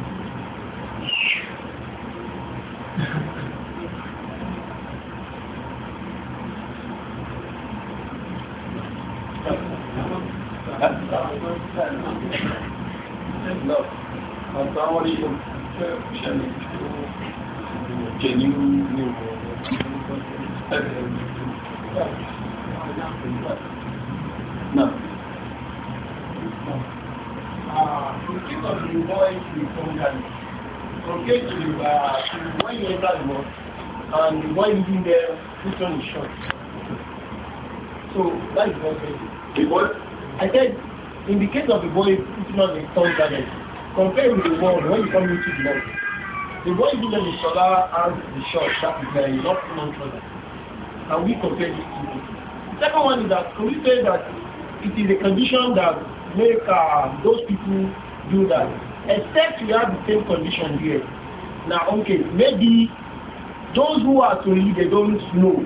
啊，那我里有片片的，有金银，有哎，那啊，这个是爱是动人。Okay, to uh, when you enter the mosque and you one living there, which one is short? So that is not The boy? I said, in the case of the boy it's not a stone garden, compared with the world, when you come into the mosque, the boy in the shorter and the short, that is very uh, not long trouser. And we compare these two things. The second one is that, can we say that it is a condition that make uh, those people do that? except you have the same condition here. Now, okay, maybe those who are to lead, they don't know.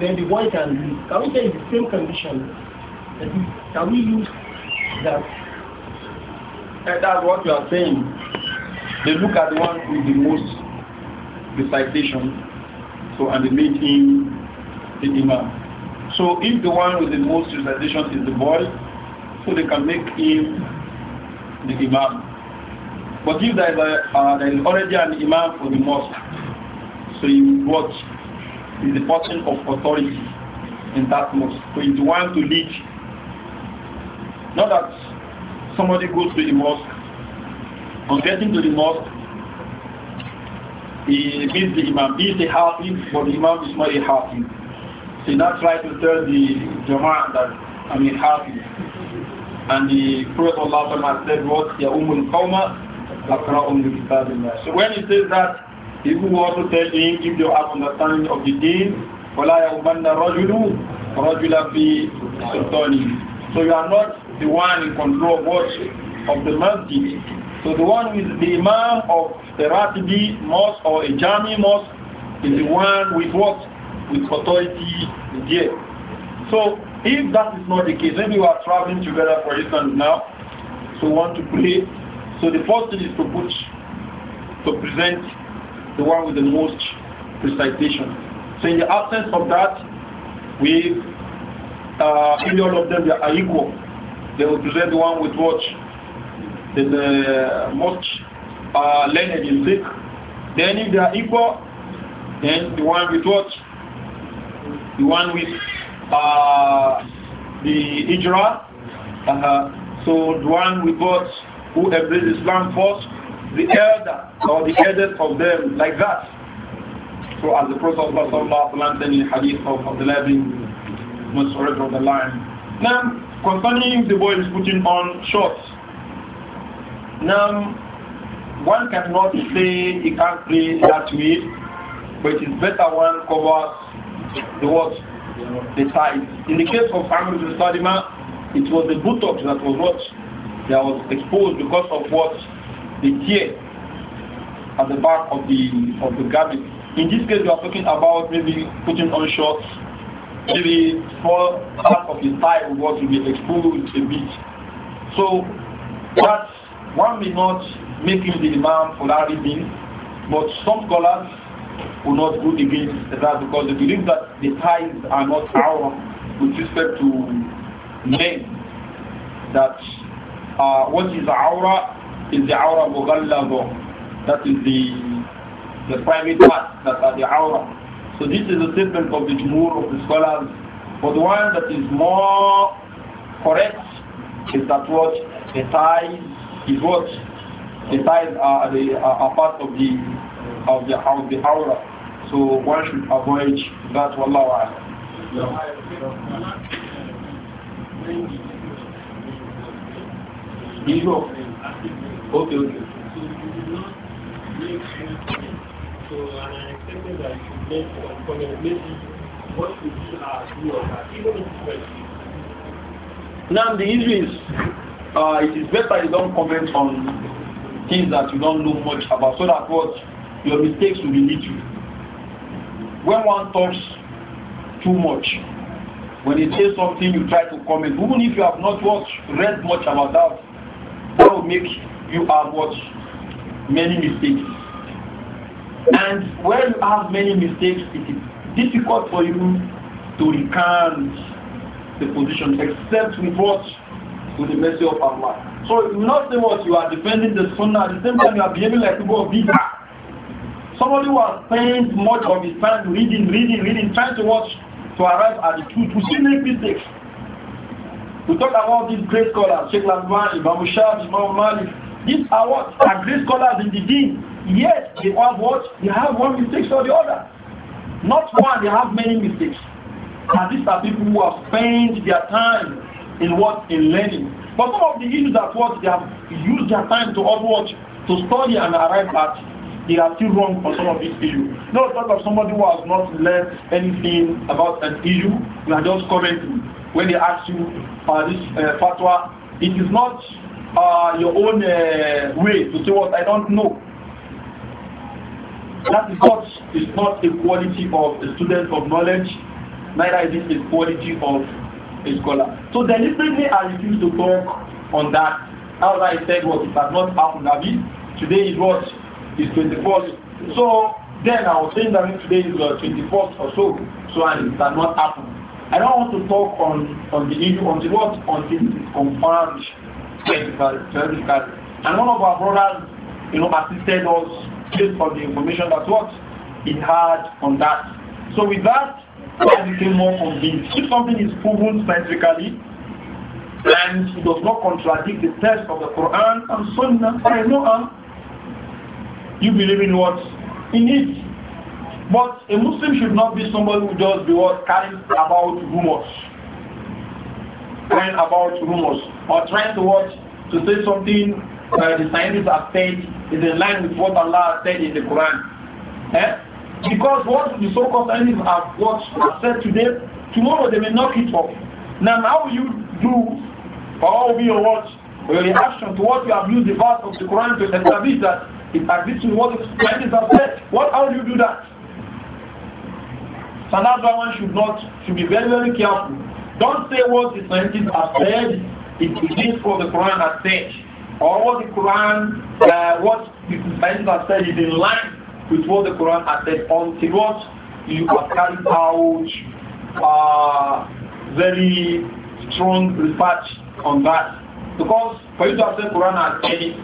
Then the boy can lead. Can we say the same condition? Can we use that? And that's what you are saying. They look at the one with the most recitation, so and they made him the imam. So if the one with the most recitation is the boy, so they can make him the imam. But if there is, a, uh, there is already an imam for the mosque, so you watch is the person of authority in that mosque. So he's the to lead. Not that somebody goes to the mosque. On getting to the mosque, he meets the imam. He is the hafiz, but the imam is not a hafiz. So he now tries to tell the jama'at that I'm a hafiz. And the Prophet Allah said, what? Ya umul qawma so when he says that, he will also tell him, if you have understanding of the deen, وَلَا يَغْمَنَّ رَجُلُ رَجُلَ فِي سُلْطَانِهِ So you are not the one in control of what? Of the masjid. So the one who is the imam of the Ratibi mosque or a Jami mosque is the one with what? With authority there. So if that is not the case, maybe we are traveling together for instance now, so want to pray so the first thing is to put, to present the one with the most recitation. So in the absence of that, we, uh, all of them, they are equal. They will present the one with what? The, most uh, learned in Then if they are equal, then the one with what? The one with uh, the Ijra. Uh -huh. So the one with what? who embrace Islam first, the elder or the eldest of them, like that. So as the Prophet ﷺ said in hadith of Abdullah bin Mas'ud of the line. Now, concerning the boy is putting on shorts, now one cannot say he can't play that way, but it's better one covers the what? The size. In the case of Amr bin Salima, it was the buttocks that was what? that was exposed because of what the tear at the back of the of the garment. In this case, we are talking about maybe putting on shorts, maybe small part of the thigh was to be exposed a bit. So that one may not make him the demand for that reason, but some scholars will not go against that because they believe that the ties are not our with respect to men that uh, what is what is aura is the aura mughallaba. That is the, the private parts that are the aura. So this is a statement of the jumhur of the scholars. But the one that is more correct is that what the thighs is what the thighs are the are part of the of the of the aura. So one should avoid that. Wallahu a'lam. Yeah. You know. Okay, okay. So you did not bring So and I expected that you make one comment. Maybe what you do are true even if it's Now the issue is, uh, it is better you don't comment on things that you don't know much about, so that what your mistakes will be little. When one talks too much, when they say something, you try to comment, even if you have not watched, read much about that, that will make you have watched many mistakes. And when you have many mistakes, it is difficult for you to recant the position except with what? With the mercy of Allah. So you not say what you are defending the sunnah, at the same time you are behaving like people of Bid'ah. Somebody who has spent much of his time reading, reading, reading, trying to watch to arrive at the truth, will make mistakes. We talk about these great scholars, Sheikh Lamban, Imam Shah, Imam Malik. These are what? Are great scholars in the deen. Yes, they have what? They have one mistake or the other. Not one, they have many mistakes. And these are people who have spent their time in what? In learning. But some of the issues that what they have used their time to overwatch, to study and arrive at, they are still wrong on some of these issues. No talk of somebody who has not learned anything about an issue, you are just commenting when they ask you uh, this uh, fatwa, it is not uh, your own uh, way to say what I don't know. That is not, is not a quality of a student of knowledge, neither is it a quality of a scholar. So deliberately I refuse to talk on that. As I said, what it has not happened, Abi. Today is what? Is 21st. So then I was saying that today is 24th uh, 21st or so, so and it has not happened. I don't want to talk on, on the issue until what? Until it is confirmed theoretically. And one of our brothers, you know, assisted us based on the information that what he had on that. So with that, I became more convinced. If something is proven scientifically, and it does not contradict the text of the Quran and Sunnah, I know, um, you believe in what? In it. But a Muslim should not be somebody who just be what carrying about rumors, carrying about rumors, or trying to what to say something uh, the scientists have said is in line with what Allah said in the Quran. Eh? Because what the so-called scientists have what have said today, tomorrow they may knock it off. Now, how will you do, or will be your what, your reaction to what you have used the verse of the Quran to establish that it agrees with what the scientists have said? What how do you do that? So that's why one should not should be very, very careful. Don't say what the scientists have said, it is for the Quran has said. Or what the Quran, uh, what the scientists have said is in line with what the Quran has said until what you have carried out uh, very strong research on that. Because for you to have said Quran has said it,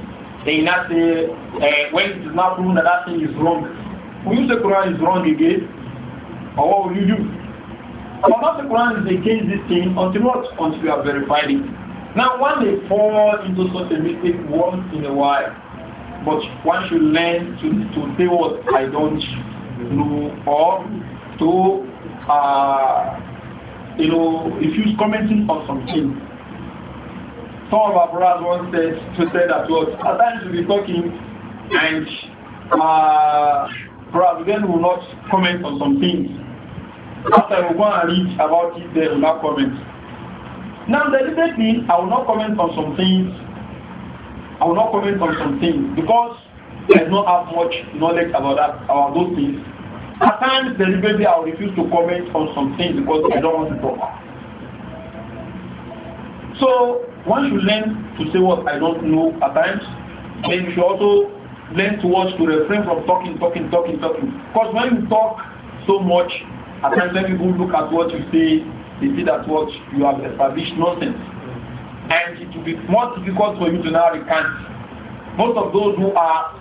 they not say uh, when it is not proven that that thing is wrong. When you say Quran is wrong again, or what will you do? But not the Quran is against this thing until what? Until you are verified it. Now, one may fall into such a mistake once in a while, but one should learn to, to say what I don't know or to, uh, you know, refuse commenting on something. Some of our brothers once said, to say that what, at times we'll be talking and uh, perhaps then will not comment on some things. After I go and read about it, they will not comment. Now, deliberately, I will not comment on some things. I will not comment on some things because I do not have much knowledge about that, about those things. At times, deliberately, I will refuse to comment on some things because I don't want to talk. So, one should learn to say what I don't know at times. Then you should also learn to watch to refrain from talking, talking, talking, talking. Because when you talk so much, at times when people look at what you say, they see that what you have established nonsense. And it will be more difficult for you to now recant. Most of those who are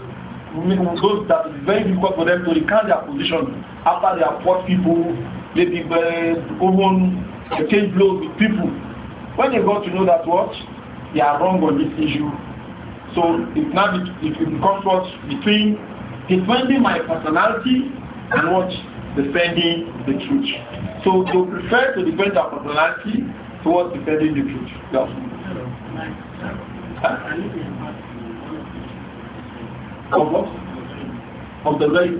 those that is very difficult for them to recant their position after they have fought people, maybe even uh, exchange blows with people. When they got to know that what they are wrong on this issue, so it now it, it becomes what between defending my personality and what defending the truth. So they prefer to defend our personality towards defending the truth. Yeah. Of what? Of the rain.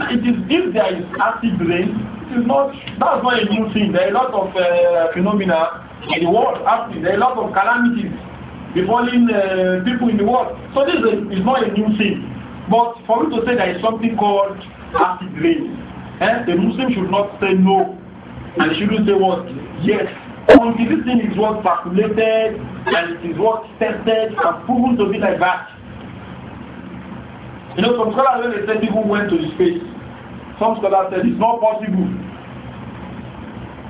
It is if there is acid rain, it is not that's not a new thing. There are a lot of uh, phenomena in the world happening. There are a lot of calamities befalling uh, people in the world. So this is, a, is not a new thing. But for me to say there is something called acid rain, Eh? And the Muslim should not say no and shouldn't say what? Yes. Only this thing is what calculated and it is what tested and proven to be like that. You know, some scholars when they said people went to the space, some scholars said it's not possible.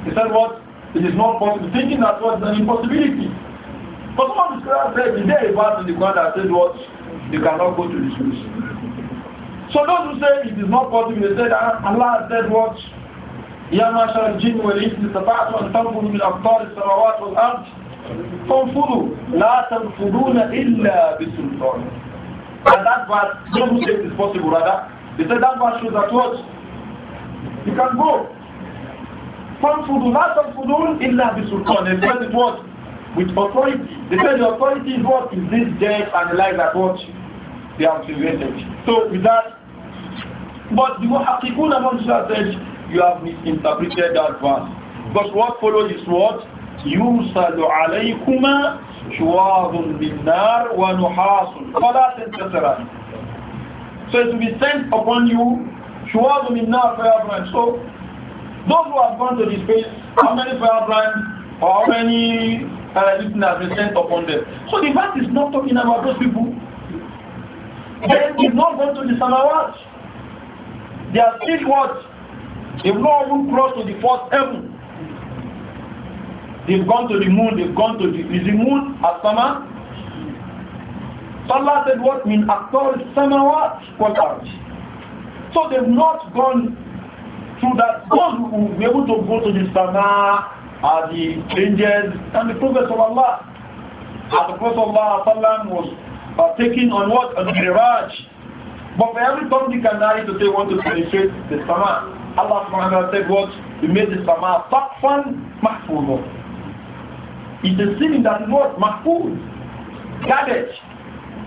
They said what? It is not possible, thinking that was an impossibility. But some of the scholars said, is there a verse in the Quran that says what? They cannot go to the space. So those who say it is not possible, they say that ah, Allah said what? Ya يا معشر الجن والإنس استطعتم أن تنفذوا من أقطار السماوات والأرض فانفذوا لا تنفذون إلا بسلطان And that verse, those who say it is possible rather, they say that verse shows that what? You can go. فانفذوا لا تنفذون إلا بسلطان. They said it what? With authority. They said the authority is what? Is this death and life that what? They have created. So with that, but the muhakkikun amongst us said, you have misinterpreted that verse. Because what follows is what? يُرْسَلُ عَلَيْكُمَا شُوَاظٌ بِالنَّارِ وَنُحَاسٌ فَلَا تَنْتَسَرَانِ So it will be sent upon you, شُوَاظٌ بِالنَّارِ firebrands. So those who have gone to this place, how many firebrands or how many uh, have been sent upon them? So the verse is not talking about those people. They did not go to the Samawat. They are still what? They've not even crossed to the fourth heaven. They've gone to the moon, they've gone to the is the moon as sama. Allah said what mean aktor samawat what ard. So they've not gone through that. Those who will be able to go to the sama are uh, the angels and the Prophet of Allah. As the Prophet of Allah was uh, taking on what? a the mirage. But for every company can narrate to say want to penetrate the sama. Allah subhanahu wa ta'ala said what? He made the sama taqfan mahfuz. It's a ceiling that is what? Mahfuz. Garbage.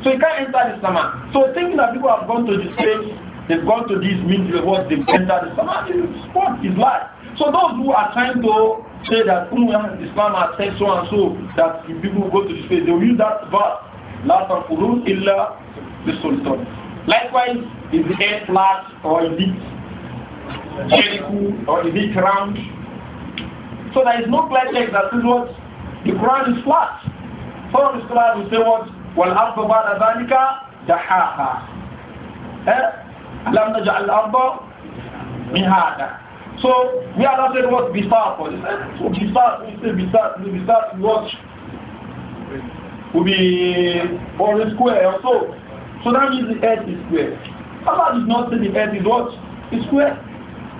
So you can't enter the sama. So thinking that people have gone to this place, they've gone to this means what they've entered the sama is what is life. So those who are trying to say that hmm, Islam has said so and so that people go to this place, they will use that verse. La taqulun illa the sultan. Likewise, is the earth flat or is it spherical or is it round? So there is no clear text that says what the Quran is flat. So of the scholars will say what well after بعد ذلك دحاها. ألم نجعل الأرض مهادا. So we are not saying what bizarre for this. Eh? So bizarre, we say bizarre, bizarre, what will be or square or so. So that means the earth is square. Allah did not say the earth is what? It's square.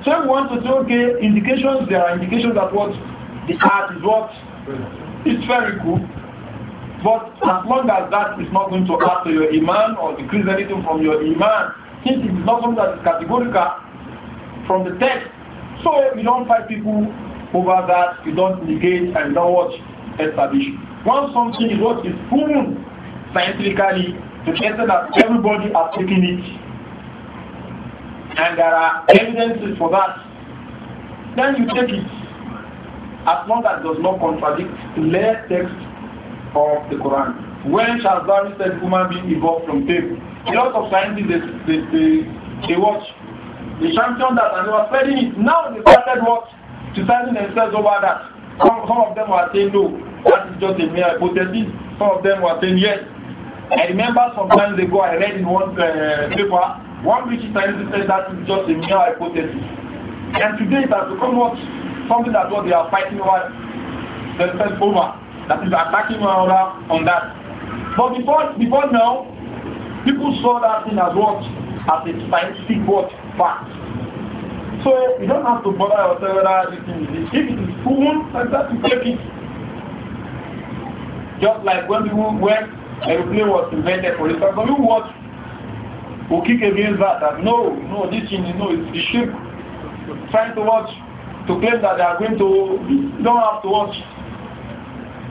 So we want to say, okay, indications, there are indications that what? The earth is what? It's very cool. But as long as that is not going to add to your iman or decrease anything from your iman, since it is not something that is categorical from the text, so you don't fight people over that, you don't negate and you don't watch establish. Once something is what is proven scientifically, to the extent that everybody has taken it and there are evidences for that, then you take it as long as it does not contradict the text of the Quran. When shall God said human being evolved from table? A lot of scientists they, they, they, they watch, they champion that and they were spreading it. Now they started what? Deciding themselves over that. Some, some of them were saying no, that is just a mere hypothesis. Some of them were saying yes, I remember sometimes they ago I read in one uh, paper, one rich scientist said that is just a mere hypothesis. And today it has become what, something that what they are fighting over themselves over, that is attacking one another on that. But before, before now, people saw that thing as what? As a scientific what? Fact. So you don't have to bother yourself whether this thing is. If it is proven, like that, you take it. Just like when people went aeroplane was invented for instance. But you what will kick against that? That no, no, this thing, no, it's the ship trying to watch to claim that they are going to you don't have to watch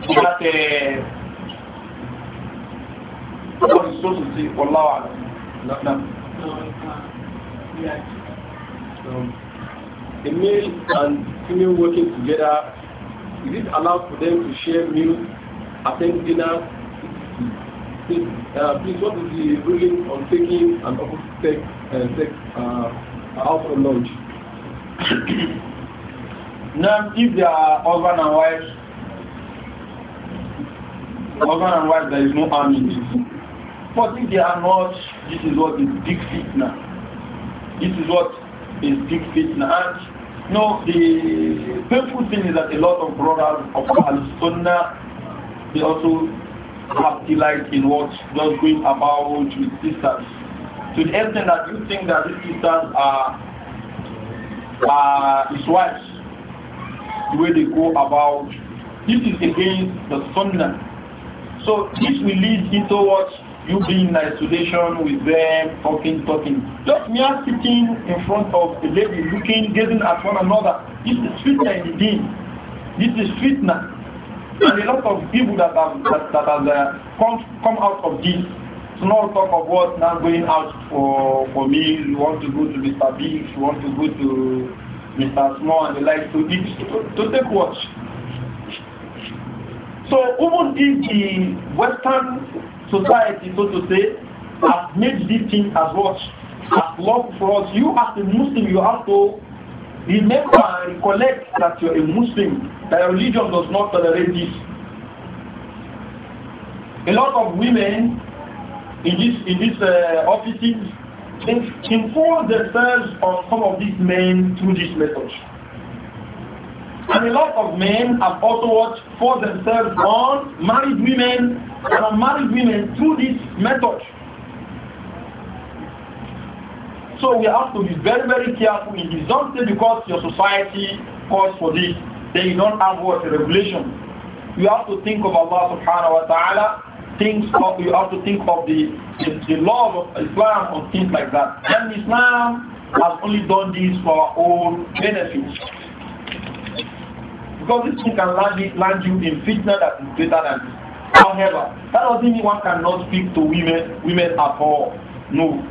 that uh, what is supposed to see for law. No, no. Um, a male and female working together, is it allowed for them to share meals, attend dinners, Please, uh, please, what is the ruling on taking an opposite sex, uh, sex uh, out for lunch? now, if they are husband and wife, husband and wife, there is no harm in this. But if they are not, this is what is big now. This is what is big now. And you no, the painful thing is that a lot of brothers of Al Sunnah, they also have delight in what just going about with sisters. To the extent that you think that these sisters are, are his wives, the way they go about, this is against the sunnah. So this will lead into what you being in isolation with them, talking, talking. Just mere sitting in front of a lady, looking, gazing at one another. This is fitna in the This is fitna. And a lot of people that have that, that have uh, come come out of this small talk of what now going out for for me. You want to go to Mr. Big, you want to go to Mr. Small, and the like to eat to, to take what. So even if the Western society, so to say, has made this thing as what as love for us, you as a Muslim, you have to Remember and recollect that you're a Muslim, that your religion does not tolerate this. A lot of women in this in this uh, offices they themselves on some of these men through this method. And a lot of men have also watched for themselves on married women and unmarried women through this method. So we have to be very, very careful. It is not because your society calls for this, then you don't have what regulation. You have to think of Allah subhanahu wa ta'ala, things of, you have to think of the, the, the of Islam and things like that. And Islam has only done this for our own benefit. Because this thing can land, it, land you in fitna that is greater than this. However, that doesn't mean one cannot speak to women, women at all. No.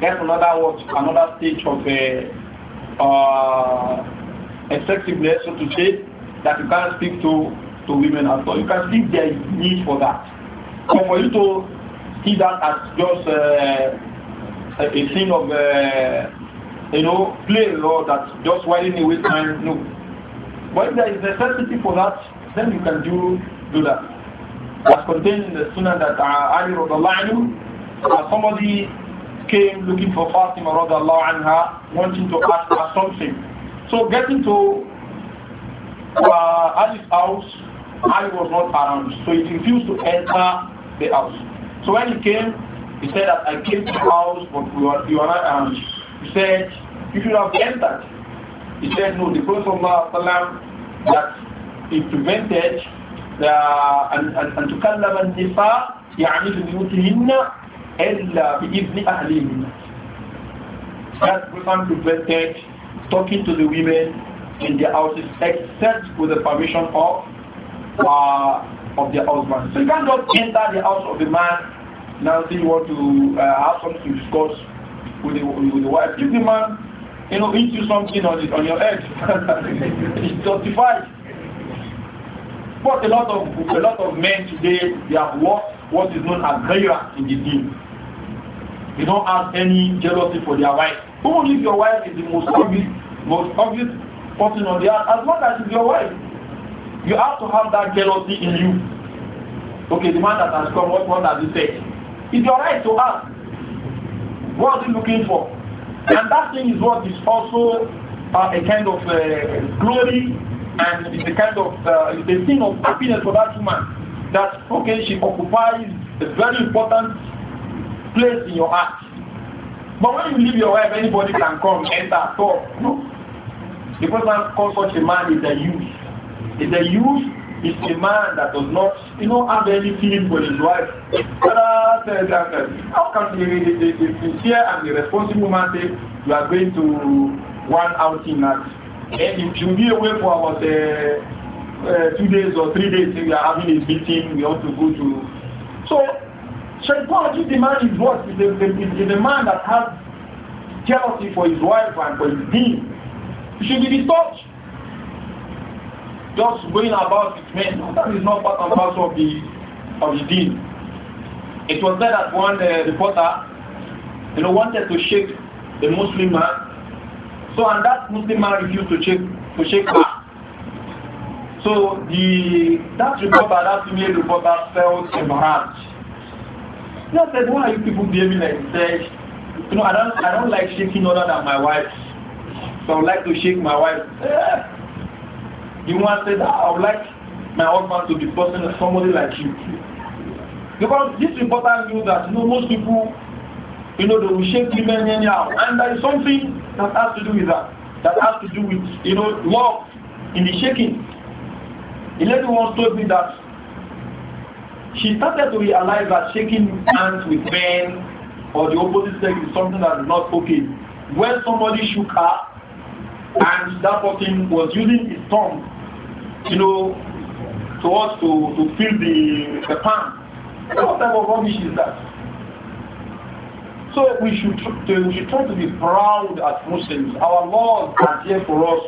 That's another what another stage of a uh, so to say, that you can't speak to to women at all. You can see there is need for that. But for you to see that as just uh, a, a thing of uh, you know play or that just whiling away time, no. But if there is necessity for that, then you can do do that. As contained in the Sunnah that uh, Ali Radallahu, uh, somebody came looking for Fatima radiallahu anha, wanting to ask her something. So getting to uh, Ali's house, Ali was not around, so he refused to enter the house. So when he came, he said that I came to the house, but you are you are not around. He said, you should have entered. He said, no, the Prophet Allah that he prevented the, and, and, and to كلم النساء يعني في بيوتهن إلا بإذن أهلهم. That woman prevented talking to the women in their houses except with the permission of uh, of their husband. So you can't just enter the house of the man now say you want to uh, have something to discuss with the, with the wife. If the man you know hits you something on it, on your head, it's justified. But a lot of a lot of men today they have what what is known as prayer in the name. You don't have any jealousy for their wife. Even if your wife is the most obvious, most obvious person on the earth, as long as it's your wife, you have to have that jealousy in you. Okay, the man that has come, what one has he said? It's your right to ask. What is he looking for? And that thing is what is also uh, a kind of uh, glory and it's a kind of uh, a thing of happiness for that woman. That okay, she occupies a very important place in your heart. But when you leave your wife, anybody can come, enter, talk. No. The person calls such a man is a youth. Is a youth is a man that does not, you know, have any feeling for his wife. How can the, the, the, the sincere and the responsible man say, you are going to one outing that, and you should be away for about uh, uh, two days or three days, we are having this meeting, we ought to go to. So Shaitology, the man is what? Is a, is a man that has jealousy for his wife and for his deed. He should be discharged. Just going about with men. That is not part and parcel of the, of the deed. It was there that one uh, reporter you know, wanted to shake the Muslim man. So, and that Muslim man refused to shake, to shake her. So, the, that reporter, that female reporter felt embarrassed he said, why are you people behaving like this? You know, I don't, I don't like shaking other than my wife. So I would like to shake my wife. Eh. The You want ah, I would like my husband to be person somebody like you. Because this important knew that you know, most people, you know, they will shake women anyhow. And there is something that has to do with that. That has to do with, you know, love in the shaking. A lady once told me that she started to realize that shaking hands with men or the opposite sex is something that is not okay. When somebody shook her and that person was using his tongue, you know, towards to, to feel the, the pan. what type of rubbish is that? So we should, we should try to be proud as Muslims. Our laws are here for us.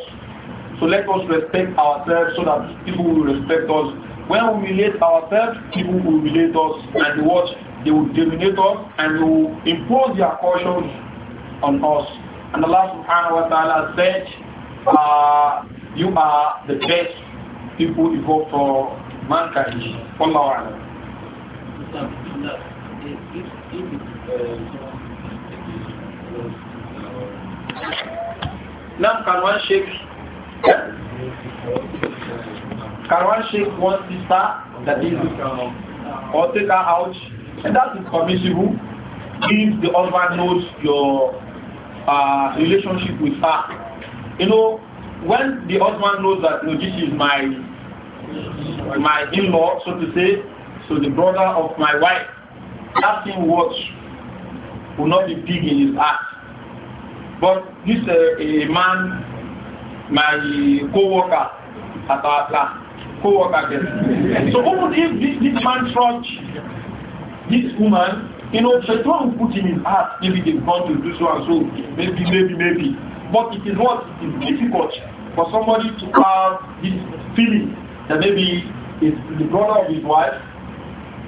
So let us respect ourselves so that people will respect us when we humiliate ourselves, people will humiliate us and what? They will dominate us and they will impose their cautions on us. And Allah subhanahu wa ta'ala said, uh, you are the best people evolved for mankind. Allah Alam. If, if uh, now can one shake? Can one shake one sister that is or take her out? And that is permissible if the husband knows your uh, relationship with her. You know, when the husband knows that you know, this is my my in-law, so to say, so the brother of my wife, that thing what will not be big in his heart. But this uh, a man, my co-worker at our class, co So even if this, this man trusts this woman, you know, don't put in his heart, maybe they want to do so and so, maybe, maybe, maybe. But it is what is difficult for somebody to have this feeling that maybe is the brother of his wife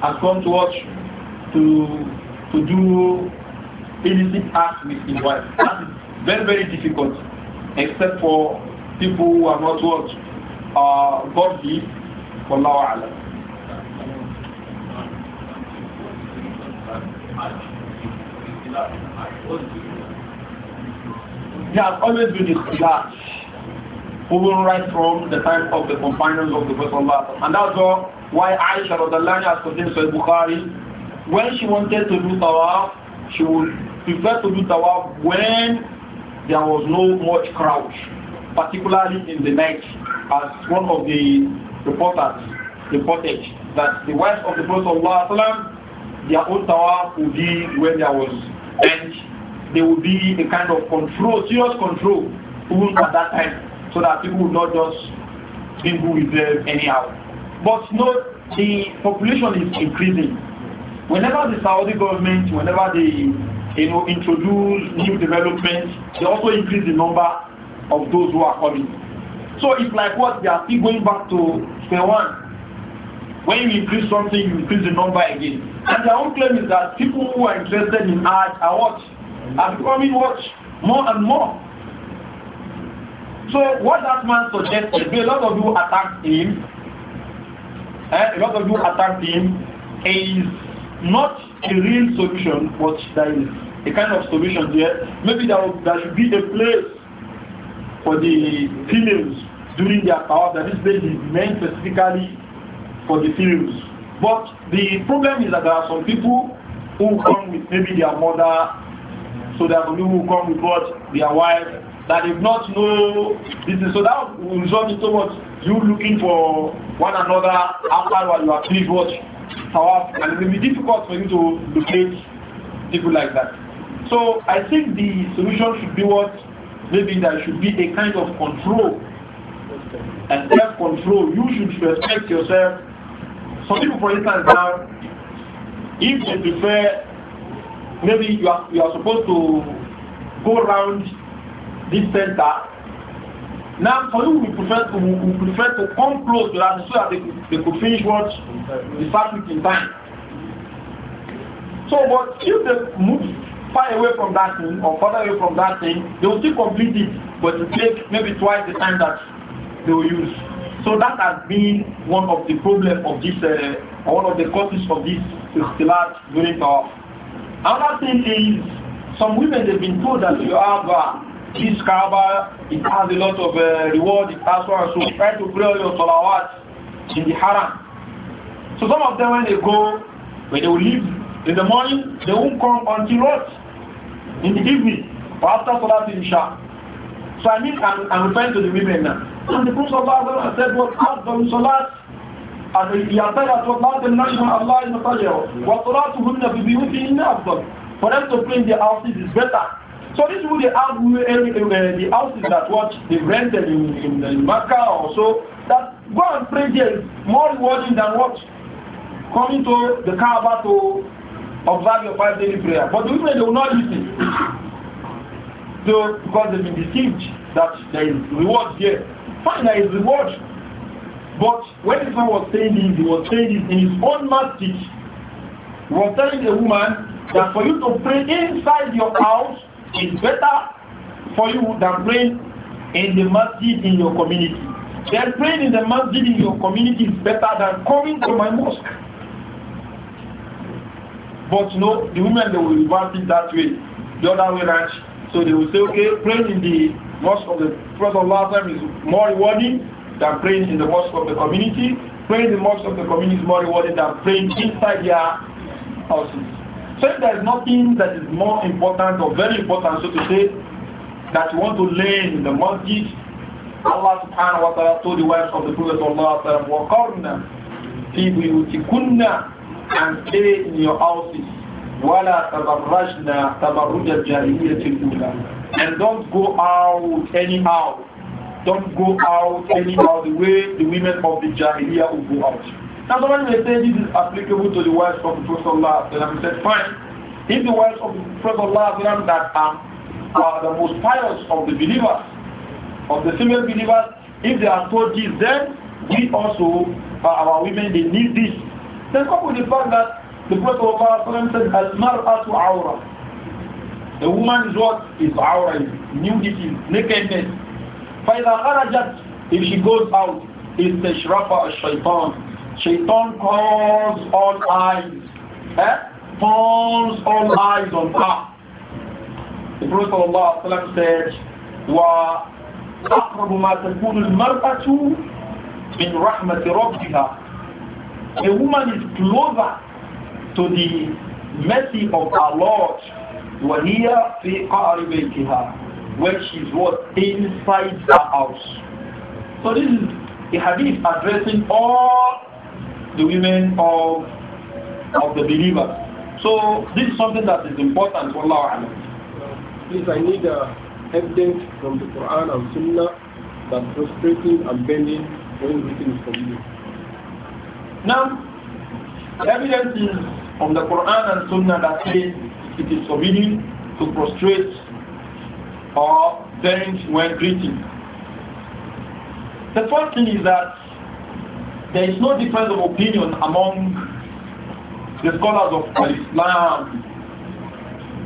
has come to watch to to do illicit acts with his wife. That is very, very difficult, except for people who are not watched uh, godly, wallahu alam. He has always been ikhtilaf, even right from the time of the companions of the Prophet And that's why Aisha Radalani has contained Sahih Bukhari, when she wanted to do tawaf, she would prefer to do tawaf when there was no much crowd, particularly in the night as one of the reporters reported that the west of the Prophet ﷺ, their own tower would be where there was and There would be a kind of control, serious control, even at that time, so that people would not just mingle with them anyhow. But no, the population is increasing. Whenever the Saudi government, whenever they you know, introduce new developments, they also increase the number of those who are coming. So it's like what they are still going back to square one. When you increase something, you increase the number again. And their own claim is that people who are interested in art are what? Are becoming what? More and more. So what that man suggested, a lot of you attacked him, eh, a lot of you attacked him, is not a real solution, but there is a kind of solution there. Maybe there, there should be a place for the females during their power that is made place specifically for the females. But the problem is that there are some people who come with maybe their mother, so there are some people who come with what their wife that did not know this is so that will result in so much you looking for one another after what you are three what hours and it will be difficult for you to locate people like that. So I think the solution should be what maybe there should be a kind of control and self-control. You should respect yourself. Some people, for instance, now, if they prefer, maybe you are, you are supposed to go around this center. Now, for you, we prefer to, we prefer to come close to that so that they, they could finish what the fabric in time. So, but if they move far away from that thing or further away from that thing, they will still complete it, but it take maybe twice the time that they will use. So that has been one of the problem of this, uh, one of the causes of this ikhtilat during our. Another thing is, some women they've been told that you have uh, this Kaaba, it has a lot of uh, reward, it has one, so try to pray all your salawat in the haram. So some of them when they go, when they will leave in the morning, they won't come until what? in the evening or after Salat Isha. So I mean, I'm, I'm referring to the women now. And the Prophet Allah said, what after Salat, and he had said that what Allah the nation Allah is Natalia, what Salatuhunna bi biyutihinna afdal. For them to clean their houses is better. So this is what have, eh, eh, eh, the houses that what they rented in, in, in Makkah or so, that go and pray there is more rewarding than what coming to the Kaaba to observe your five daily prayer. But the women, they will not listen. So, because they've been deceived that there is reward here. Fine, there is reward. But when this man was saying this, he was saying this in his own mastic. He was telling the woman that for you to pray inside your house is better for you than praying in the masjid in your community. Then praying in the masjid in your community is better than coming to my mosque. But you know, the women they will revert it that way, the other way around. So they will say, okay, praying in the mosque of the Prophet of Allah is more rewarding than praying in the mosque of the community. Praying in the mosque of the community is more rewarding than praying inside their houses. So if there is nothing that is more important or very important, so to say, that you want to learn in the mosque. Allah subhanahu wa ta'ala told the wives of the Prophet of Allah, وَقَرْنَا فِي بُيُوتِكُنَّا and stay in your houses. وَلَا تَبَرَّجْنَا تَبَرُّجَ الْجَاهِلِيَّةِ And don't go out anyhow. Don't go out anyhow the way the women of the Jahiliyyah will go out. Now somebody may say this is applicable to the wives of the Prophet Then I said, fine. If the wives of the Prophet ﷺ that are, the most pious of the believers, of the female believers, if they are told this, then we also, uh, our women, they need this then couple the fact that the Prophet of Allah said, Al-mar'atu awra. The woman's what? Is awra, nudity, nakedness. فَإِذَا خَرَجَتْ If she goes out, is of shaitan. Shaitan calls all eyes. Eh? Calls all eyes on her. The Prophet of Allah said, "Wa وَأَقْرَبُ مَا تَكُونُ الْمَرْأَةُ من رحمة ربها a woman is closer to the mercy of our Lord وَهِيَ فِي قَعْرِ بَيْتِهَا when she's what? Inside the house. So this is a hadith addressing all the women of, of the believers. So this is something that is important for Allah. Please, I need uh, evidence from the Quran and Sunnah that prostrating and bending when written is forbidden. Now, the evidence is from the Quran and Sunnah that says it is forbidden to prostrate or bend when greeting. The first thing is that there is no difference of opinion among the scholars of Islam.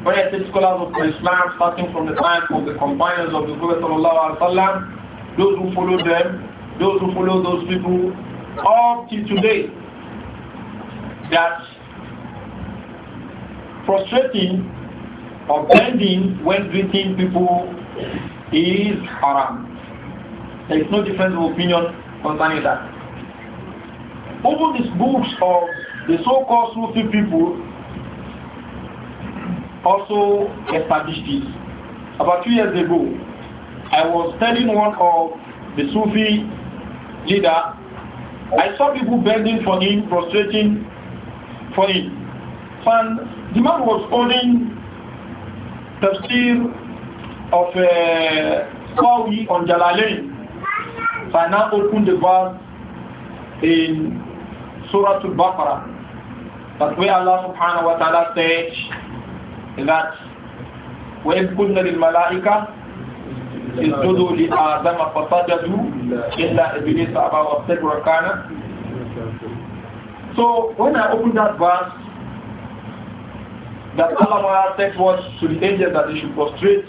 When I say scholars of Islam, starting from the time of the companions of the Prophet those who follow them, those who follow those people up till today that frustrating or bending when greeting people is haram. There is no difference of opinion concerning that. All these books of the so-called Sufi people also established this. About two years ago, I was telling one of the Sufi leader I saw people begging for him, prostrating for him. And the man was holding tafsir of a uh, Qawi on Jalalain. So I now opened the verse in Surah Al-Baqarah. That where Allah subhanahu wa ta'ala said that وَإِذْ قُلْنَا لِلْمَلَائِكَةِ اسجدوا لآدم فسجدوا إلا إبليس واستكبر So when I opened that verse, that Allah said was to the angels that they should prostrate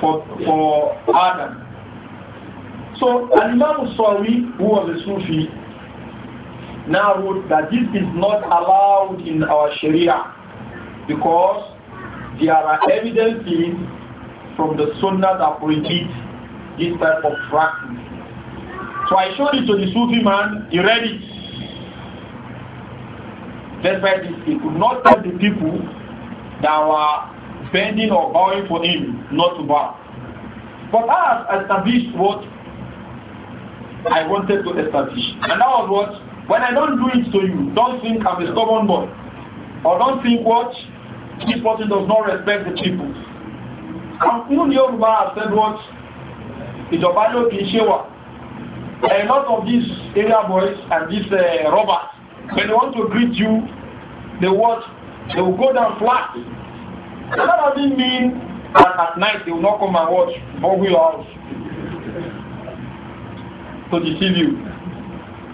for for Adam. So Imam Sawi, who was a Sufi, now wrote that this is not allowed in our Sharia because there are evidences from the sunnah that prohibits this type of practice. So I showed it to the Sufi man, he read it. That's why he could not tell the people that were bending or bowing for him not to bow. But I established what I wanted to establish. And that was what, when I don't do it to you, don't think I'm a stubborn boy. Or don't think what, this person does not respect the people. And even Yoruba have said what? Ìjọba ló kìí ṣe wà. A lot of these area boys and these uh, robbers, when they want to greet you, they what? They will go down flat. that doesn't mean that at night they will not come and watch your House to deceive you.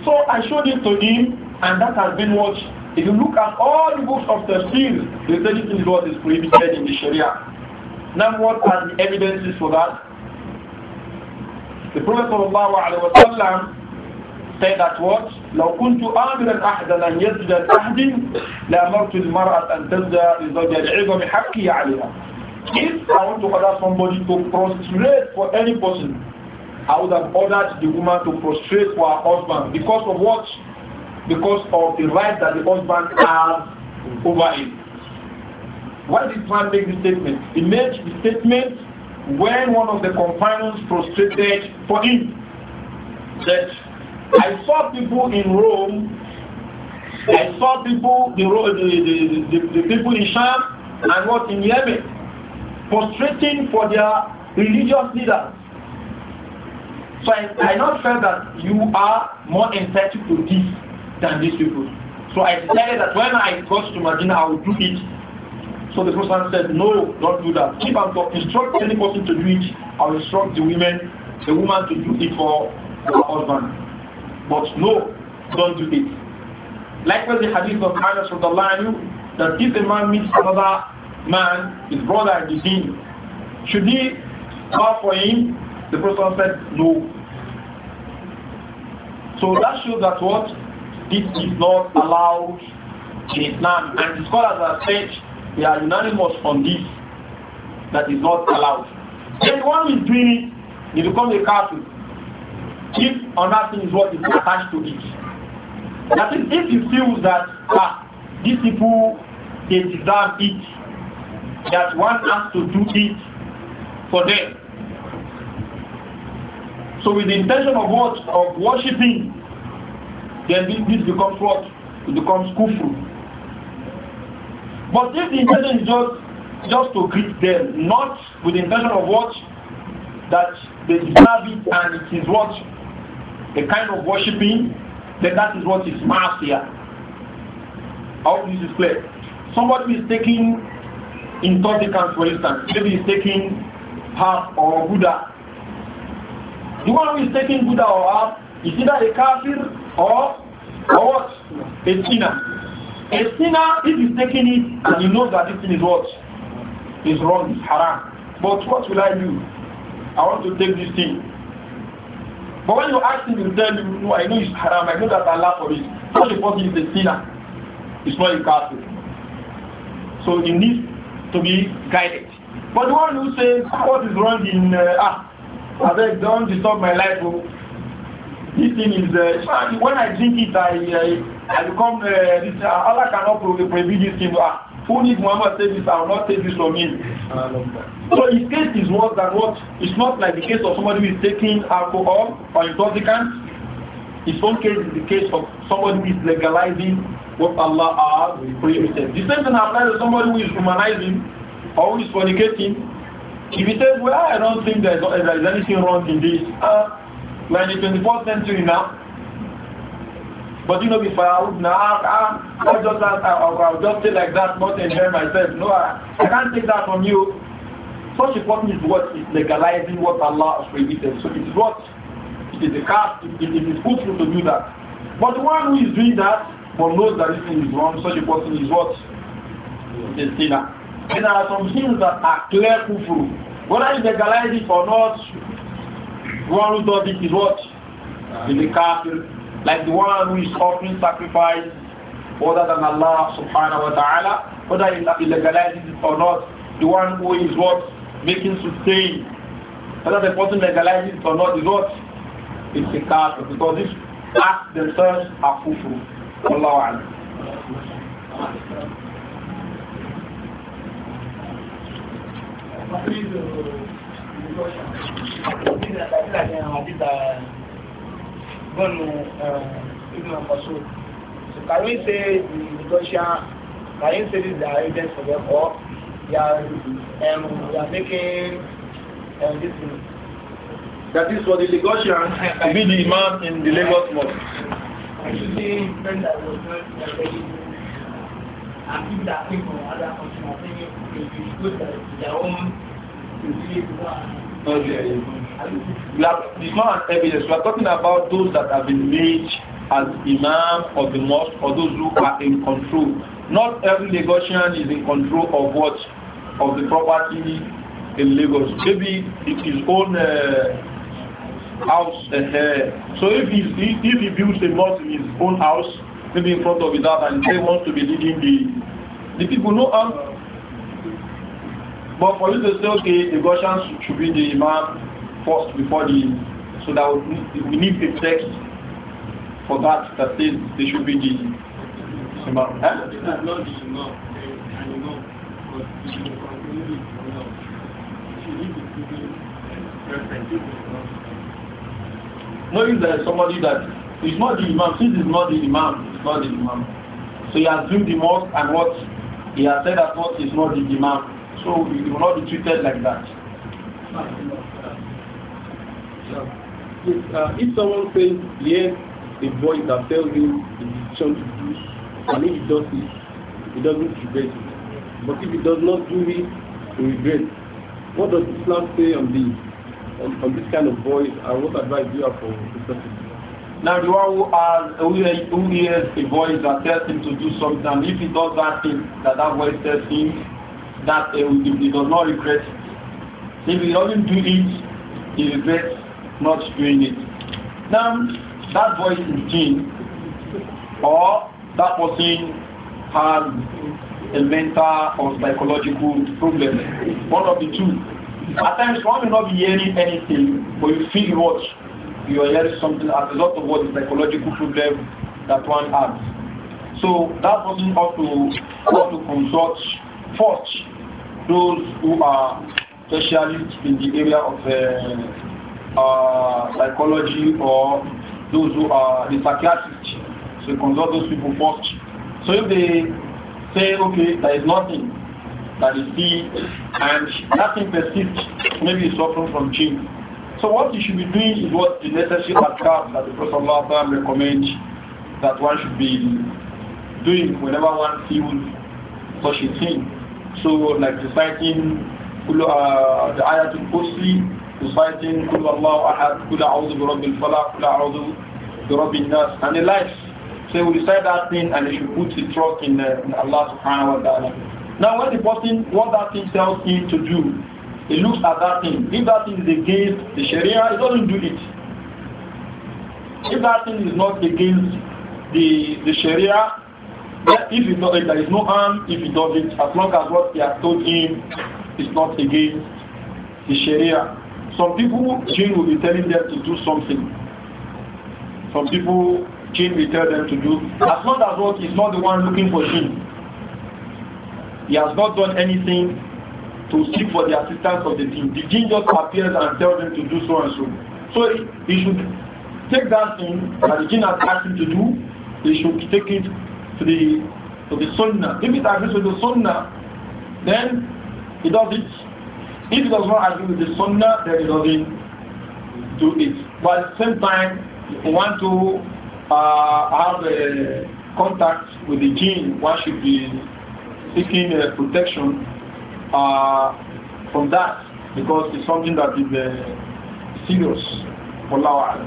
So I showed it to him, and that has been watched. If you look at all the books of the series, the religion is what is prohibited in the Sharia. Now what are the evidences for that? The Prophet wa sallallahu ﷺ said that what? لو كنت آمرا أحدا أن يسجد لأحد لأمرت المرأة أن تسجد لزوجها لعظم حقي عليها. If I want to order somebody to prostrate for any person, I would have ordered the woman to prostrate for her husband because of what? Because of the right that the husband has over him. Why did Islam make this statement? He made the statement when one of the companions prostrated for him. That I saw people in Rome, I saw people, the, the, the, the people in Sham and what in Yemen, prostrating for their religious leaders. So I, I not felt that you are more entitled to this than these people. So I decided that when I got to Medina, I would do it so the Prophet said, No, don't do that. If I'm to instruct any person to do it, I'll instruct the women, the woman to do it for her husband. But no, don't do it. Likewise, the hadith of Anas from the line that if a man meets another man, his brother in the deen, should he call for him? The Prophet said, No. So that shows that what? This is not allowed in Islam. And the scholars have said they are unanimous on this. That is not allowed. Anyone who is doing it, they become a castle. If another thing is what is attached to it. That is, if you feel that ah, these people they deserve it, that one has to do it for them. So with the intention of what of worshipping, then this becomes what? It becomes kufru. But if the intention is just, just to greet them, not with the intention of what? That they deserve it and it is what? A kind of worshipping, then that is what is marcia. I hope this is clear. Somebody is taking in intoxicants, for instance. Maybe he's taking half or Buddha. The one who is taking Buddha or half is either a kafir or, or what? A sinner. A sinner, if he's taking it and he knows that this thing is what? Is wrong, is haram. But what will I do? I want to take this thing. But when you ask him, he'll tell you, no, I know it's haram, I know that Allah for it. How a person is a sinner. It's not a castle. So he needs to be guided. But the one who says, what is wrong in, uh, ah, I beg, don't disturb my life, oh this thing is, uh, when I drink it, I, I, uh, I become, uh, this, uh, Allah cannot prohibit this thing. Ah, who needs Muhammad say this? I will not take this from him. So his case is worse than what? It's not like the case of somebody who is taking alcohol or intoxicant. His own case is the case of somebody who is legalizing what Allah has prohibited. The same thing applies to somebody who is humanizing or who is fornicating. If he says, well, I don't think there is anything wrong in this. Uh, we are in the 21st century now. But you know, if I would not, I, I just I, i just say like that, not enjoy myself. No, I, I can't take that from you. Such a person is what is legalizing what Allah has prohibited. So it's what it is a cast, it, it is fruitful to do that. But the one who is doing that, but knows that this thing is wrong, such a person is what? A sinner. And there are some things that are clear proof. Whether you legalize it or not, the one who does it is what? Is the kafir. Like the one who is offering sacrifice other than Allah subhanahu wa ta'ala, whether he legalizes it or not. The one who is what? Making sustain. Whether the person legalizes it or not is what? It's a kafir. Because these acts themselves are fufu. Allah Alam. Thank uh, you. So can we say the Russia, can you say this is our evidence for them or they are, um, they are making um, this thing? That is for the Lagosians to be the imam in the Lagos mosque. Actually, friend that was not already and people that came from other countries are saying their own to be Okay. It's not evidence. We are talking about those that have been made as imam of the mosque or those who are in control. Not every Lagosian is in control of what? Of the property in Lagos. Maybe it's his own uh, house. Uh, uh so if, he's, if he builds a mosque in his own house, maybe in front of his house, and he wants to be leading the, the people, know how. But for you to say, okay, the Russians should be the Imam first before the, so that we need a text for that that says they should be the Imam. not Huh? No, if there is somebody that is not the Imam, since it's not the Imam, it's not the Imam. So he has built the most and what he has said that what is not the Imam. So you will not be treated like that. If, uh, if someone says, yes, a voice that tells him the decision to do, and if he does it, he doesn't regret it. But if he does not do it, he regrets. What does Islam say on this, on, on this kind of voice, and what advice do you have for this person? Now the one who has who hears a voice that tells him to do something, if he does that thing that that voice tells him, that uh, eh, he does not regret If he doesn't do it, he regrets not doing it. Now, that voice is jinn, or that person has a mental or psychological problem. One of the two. At times, one will not be hearing anything, but you feel what you are hearing something as a lot of what the psychological problem that one has. So that person ought to ought to consult fought those who are specialists in the area of uh, uh, psychology or those who are the psychiatrists. So consult those people first. So if they say, okay, there is nothing that is see and nothing persists, maybe suffering from change. So what you should be doing is what the necessary adhkar that the Prophet Allah recommends that one should be doing whenever one feels such a thing. So like reciting uh, the ayat Ayatul Kursi, reciting Kul Allahu Ahad, Kul A'udhu bi Rabbil Falaq, Kul A'udhu bi Rabbin Nas, and the likes. So we recite that thing and they should put the trust in, uh, in Allah subhanahu wa ta'ala. Now when the person, what that thing tells him to do, he looks at that thing. If that thing is against the Sharia, he doesn't do it. If that thing is not against the, the Sharia, if it's not, if there is no harm if he does it, as long as what he has told him is not against the Sharia. Some people, Jin will be telling them to do something. Some people, Jin will tell them to do. As long as what is not the one looking for Jin, he has not done anything to seek for the assistance of the Jin. The Jin just appears and tells them to do so and so. So he should take that thing that the Jin has asked him to do. He should take it to the to the sunnah. If it agrees with the sunnah, then he does it. If it does not agree with the sunnah, then he doesn't do it. But at the same time, you want to uh, have a contact with the jinn, one should be seeking uh, protection uh, from that because it's something that is uh, serious for Lawal.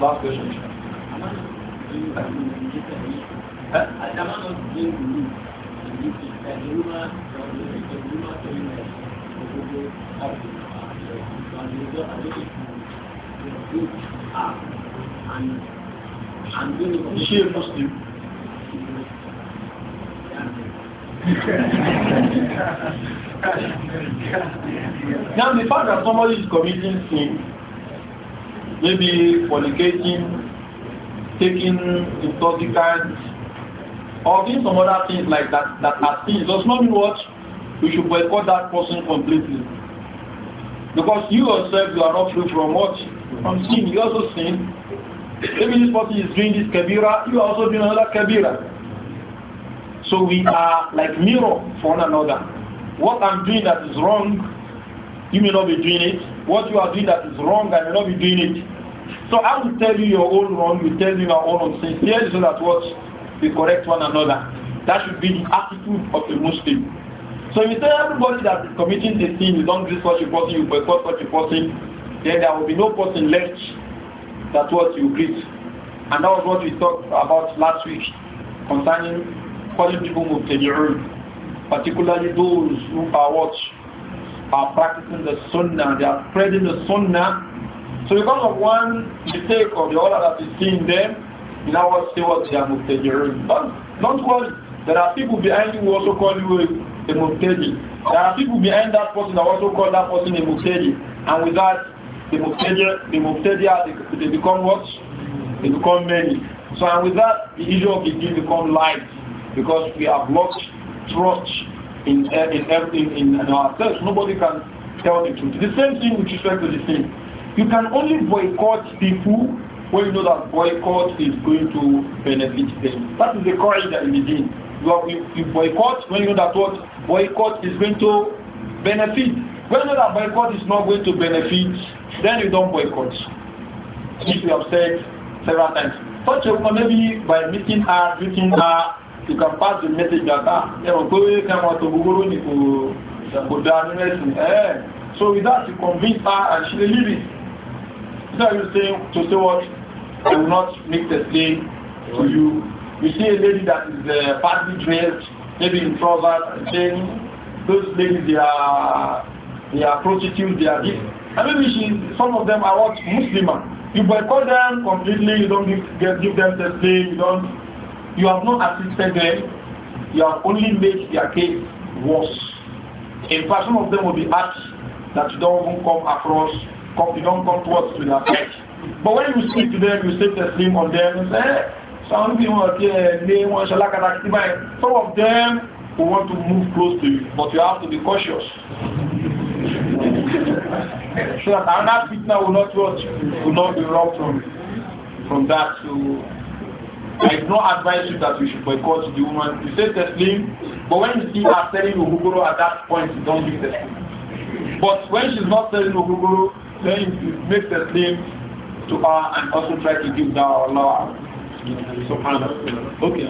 Last question do now the fact that somebody is committing sin, maybe fornicating, taking intoxicants, or doing some other things like that that are sins does not mean what we should boycott that person completely. Because you yourself you are not free from what? From sin. You also sin. Maybe this person is doing this kabira, you are also doing another kabira. So we are like mirror for one another. What I'm doing that is wrong, you may not be doing it. What you are doing that is wrong, I may not be doing it. So I will tell you your own wrong, you tell me my own sin. Here is so that what to correct one another. That should be the attitude of a Muslim. So if you tell everybody that is committing a sin, you don't greet such a person, you boycott such a person, then there will be no person left that what you greet. And that was what we talked about last week concerning calling people Mubtadi'un, particularly those who are what are practicing the Sunnah, they are spreading the Sunnah. So because of one mistake or the other that is seen them, now what say what you are Mubtadi'un. Don't, don't call There are people behind you who also call you a, a There are people behind that person who also call that person a Mubtadi. And with that, the Mubtadi, the Mubtadi, they, they become what? They become many. So and with that, the issue of the deal become light because we have lost trust in in everything in, in ourselves. Nobody can tell the truth. The same thing with respect to the sin. You can only boycott people when you know that boycott is going to benefit them. That is the courage that you need. You, boycott when you know that what boycott is going to benefit. When you know that boycott is not going to benefit, then you don't boycott. If you have said several times. So you can maybe by meeting her, meeting her, you can pass the message that ah, ẹ̀rọ pé kẹ́mọ̀ tó gbogbo to kò kò eh. so with that you convince her and she dey leave it. So you say to say what? I will not make the claim to you. You see a lady that is uh, badly dressed, maybe in trousers and chain. Those ladies, they are, they are prostitutes, they are And maybe she, some of them are what? Muslim. You boycott them completely, you don't give, give them the claim. you don't, you have not assisted them you have only made their case worse. In fact, some of them will be asked that you don't even come across, come, you don't come towards to their side. But when you speak to them, you say the same on them and say, hey, eh, some people are here, they want Some of them who want to move close to you, but you have to be cautious. so that another fitna will not what will not be robbed from from that. So I do not advise you that you should boycott the woman. You say Teslim, but when you see her selling Uhuguru at that point, you don't do Teslim. But when she's not selling Uhuguru, then you make Teslim to her and also try to give our Lord, subhanahu okay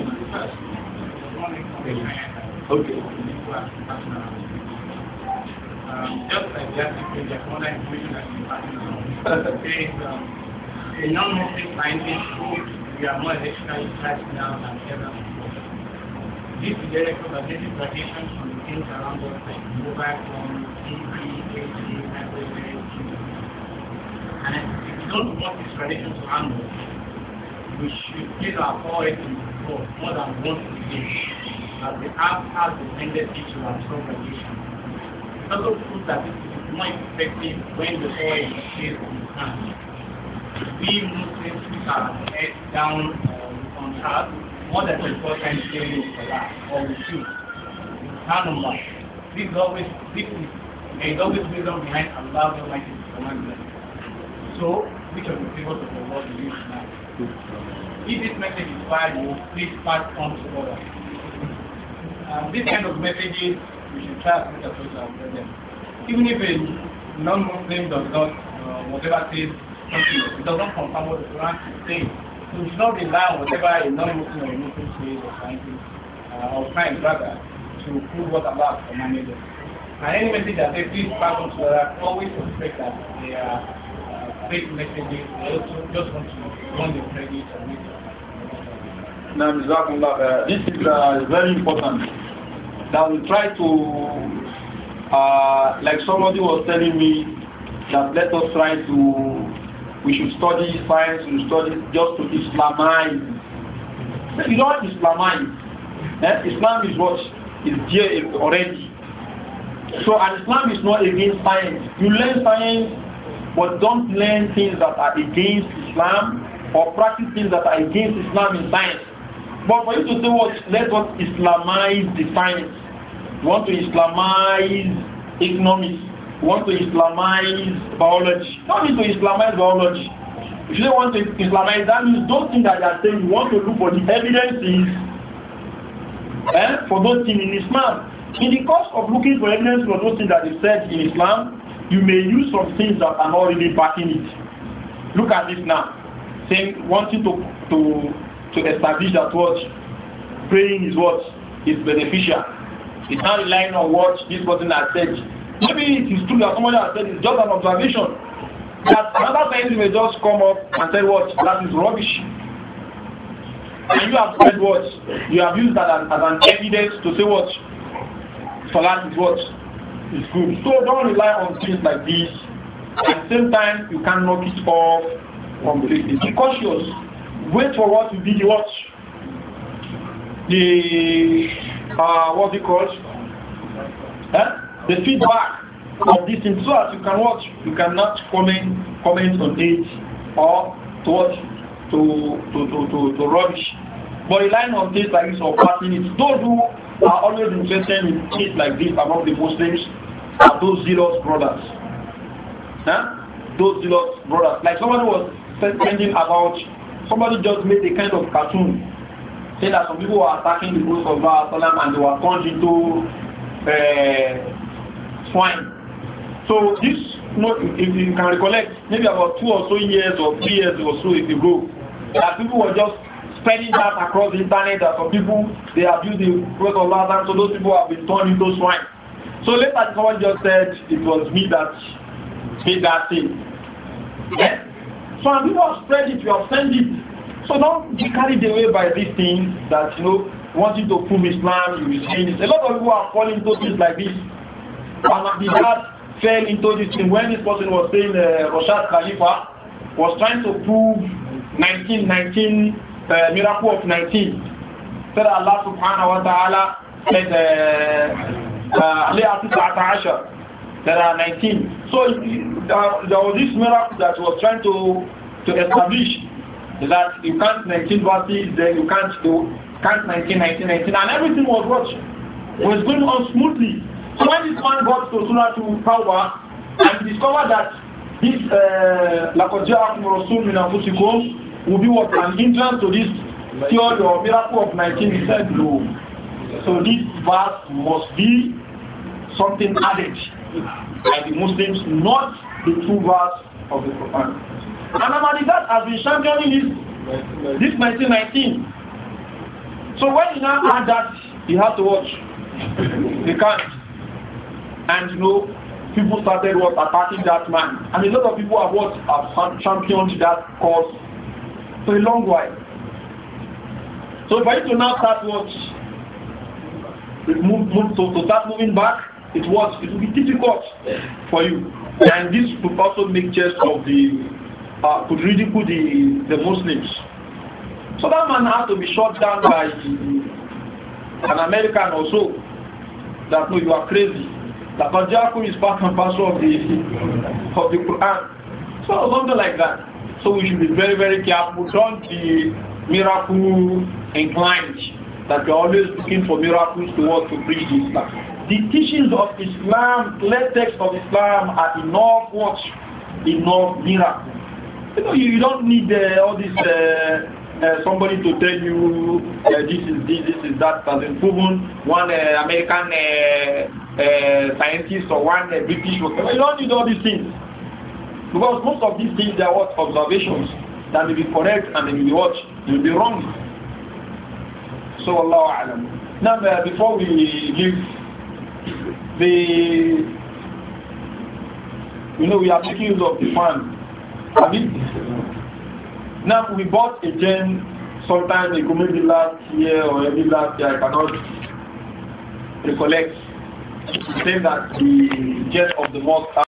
okay just like that, there's one information that you have. A non-Muslim scientist who we are more electionally now than ever this is direct conservative tradition from things around us like mobile phones, TV, AC, microwave, and don't want this relation to animals. we should give our priority to God more than once a day, as the app has a tendency to absorb relation. It also proves that this is more effective when the oil is placed in hand. We Muslims put our head down uh, on earth more than 24 times daily for that, or we should. Number, this is always, this is, there is always wisdom behind Allah's Almighty commandment. So, which of the favors the Lord do you have? If this message is valuable, please pass on to others. Um, this kind of messages, we should try to put ourselves out them. Even if a non-Muslim does not, uh, whatever says, it does not confirm what the Quran is saying. So we should not rely on whatever a non-Muslim or a Muslim says or scientist, uh, or friend rather, to prove what Allah has commanded us. And any message that they please pass on to others, always suspect that they are just want to the credit and make this is uh, very important that we try to, uh, like somebody was telling me, that let us try to, we should study science, we should study just to Islamize. You know what Islamize? Eh? Islam is what is there already. So, and Islam is not against science. You learn science but don't learn things that are against Islam or practice things that are against Islam in science. But for you to say what let us Islamize the science. You want to Islamize economics. You want to Islamize biology. You don't need to Islamize biology. If you don't want to Islamize, that means those things that they are saying, you want to look for the evidences eh, for those things in Islam. In the course of looking for evidence for those things that they said in Islam, you may use some things that are not really backing it. Look at this now. Saying wanting to to to establish that what praying is what is beneficial. It's not relying on what this person has said. Maybe it is true that somebody has said it's just an observation. That another person may just come up and say what that is rubbish. And you have said what? You have used that as, as an evidence to say what? for that is what? is good. So don't rely on things like this. At the same time, you can knock it off completely. Be cautious. Wait for what will be the what? The, uh, what do you call huh? The feedback of this thing so as you can watch. You cannot comment, comment on it or to watch, to, to, to, to, to rubbish. But relying on things like this or passing it, don't do are always interested in things like this among the Muslims are those zealous brothers. Huh? Those zealous brothers. Like somebody was sending about, somebody just made a kind of cartoon saying that some people were attacking the Prophet of Allah and they were turned into uh, swine. So this, you know, if you can recollect, maybe about two or so years or three years or so ago, you go, that people were just spreading that across the internet that some people they abuse the word of Allah, so those people have been turned into swine. So later someone just said it was me that did that thing. Yeah. So and people have spread it, you have sent it. So don't be carried away by these things that you know wanting to prove Islam, you will see this. A lot of people are falling into things like this. And the dad fell into this thing when this person was saying uh, Rashad Khalifa was trying to prove 1919 uh, miracle of 19. Said Allah subhanahu wa ta'ala said, uh, uh there are 19. So uh, there was this miracle that was trying to, to establish that you can't 19 verses, then you can't do can't 19, 19, 19, and everything was what was going on smoothly. So when this man got to Sunnah to power, and discovered that this uh, لَقَدْ جَاءَكُمْ will be what an interest to this theory or miracle of 19 percent No. So this verse must be something added by the Muslims, not the true verse of the Quran. And that has been championing this this 1919. So when he now had that, he had to watch. He can't. And you know, people started what attacking that man. And a lot of people have what have championed that cause for a long while. So for you to now start what? Move, move, so to start moving back, it was it will be difficult for you. And this could also make jest of the uh, could ridicule the the Muslims. So that man had to be shot down by an American or so. That no, you are crazy. That Bajaku is part and parcel of the of the Quran. So something like that. So we should be very, very careful. Don't be miracle inclined that we're always looking for miracles to work to preach Islam. The teachings of Islam, clear text of Islam are enough what? Enough miracle. You know, you don't need uh, all this uh, uh, somebody to tell you uh, this is this, this is that has proven. One uh, American uh, uh, scientist or one uh, British, You don't need all these things. Because most of these things, they are what? Observations that may be correct and they may be what? may be wrong. So Allah Alam. Now, uh, before we leave, the you know, we are taking use of the fan. I mean, now we bought a gen sometime ago, maybe last year or maybe last year, I cannot recollect. Saying that the gen of the mosque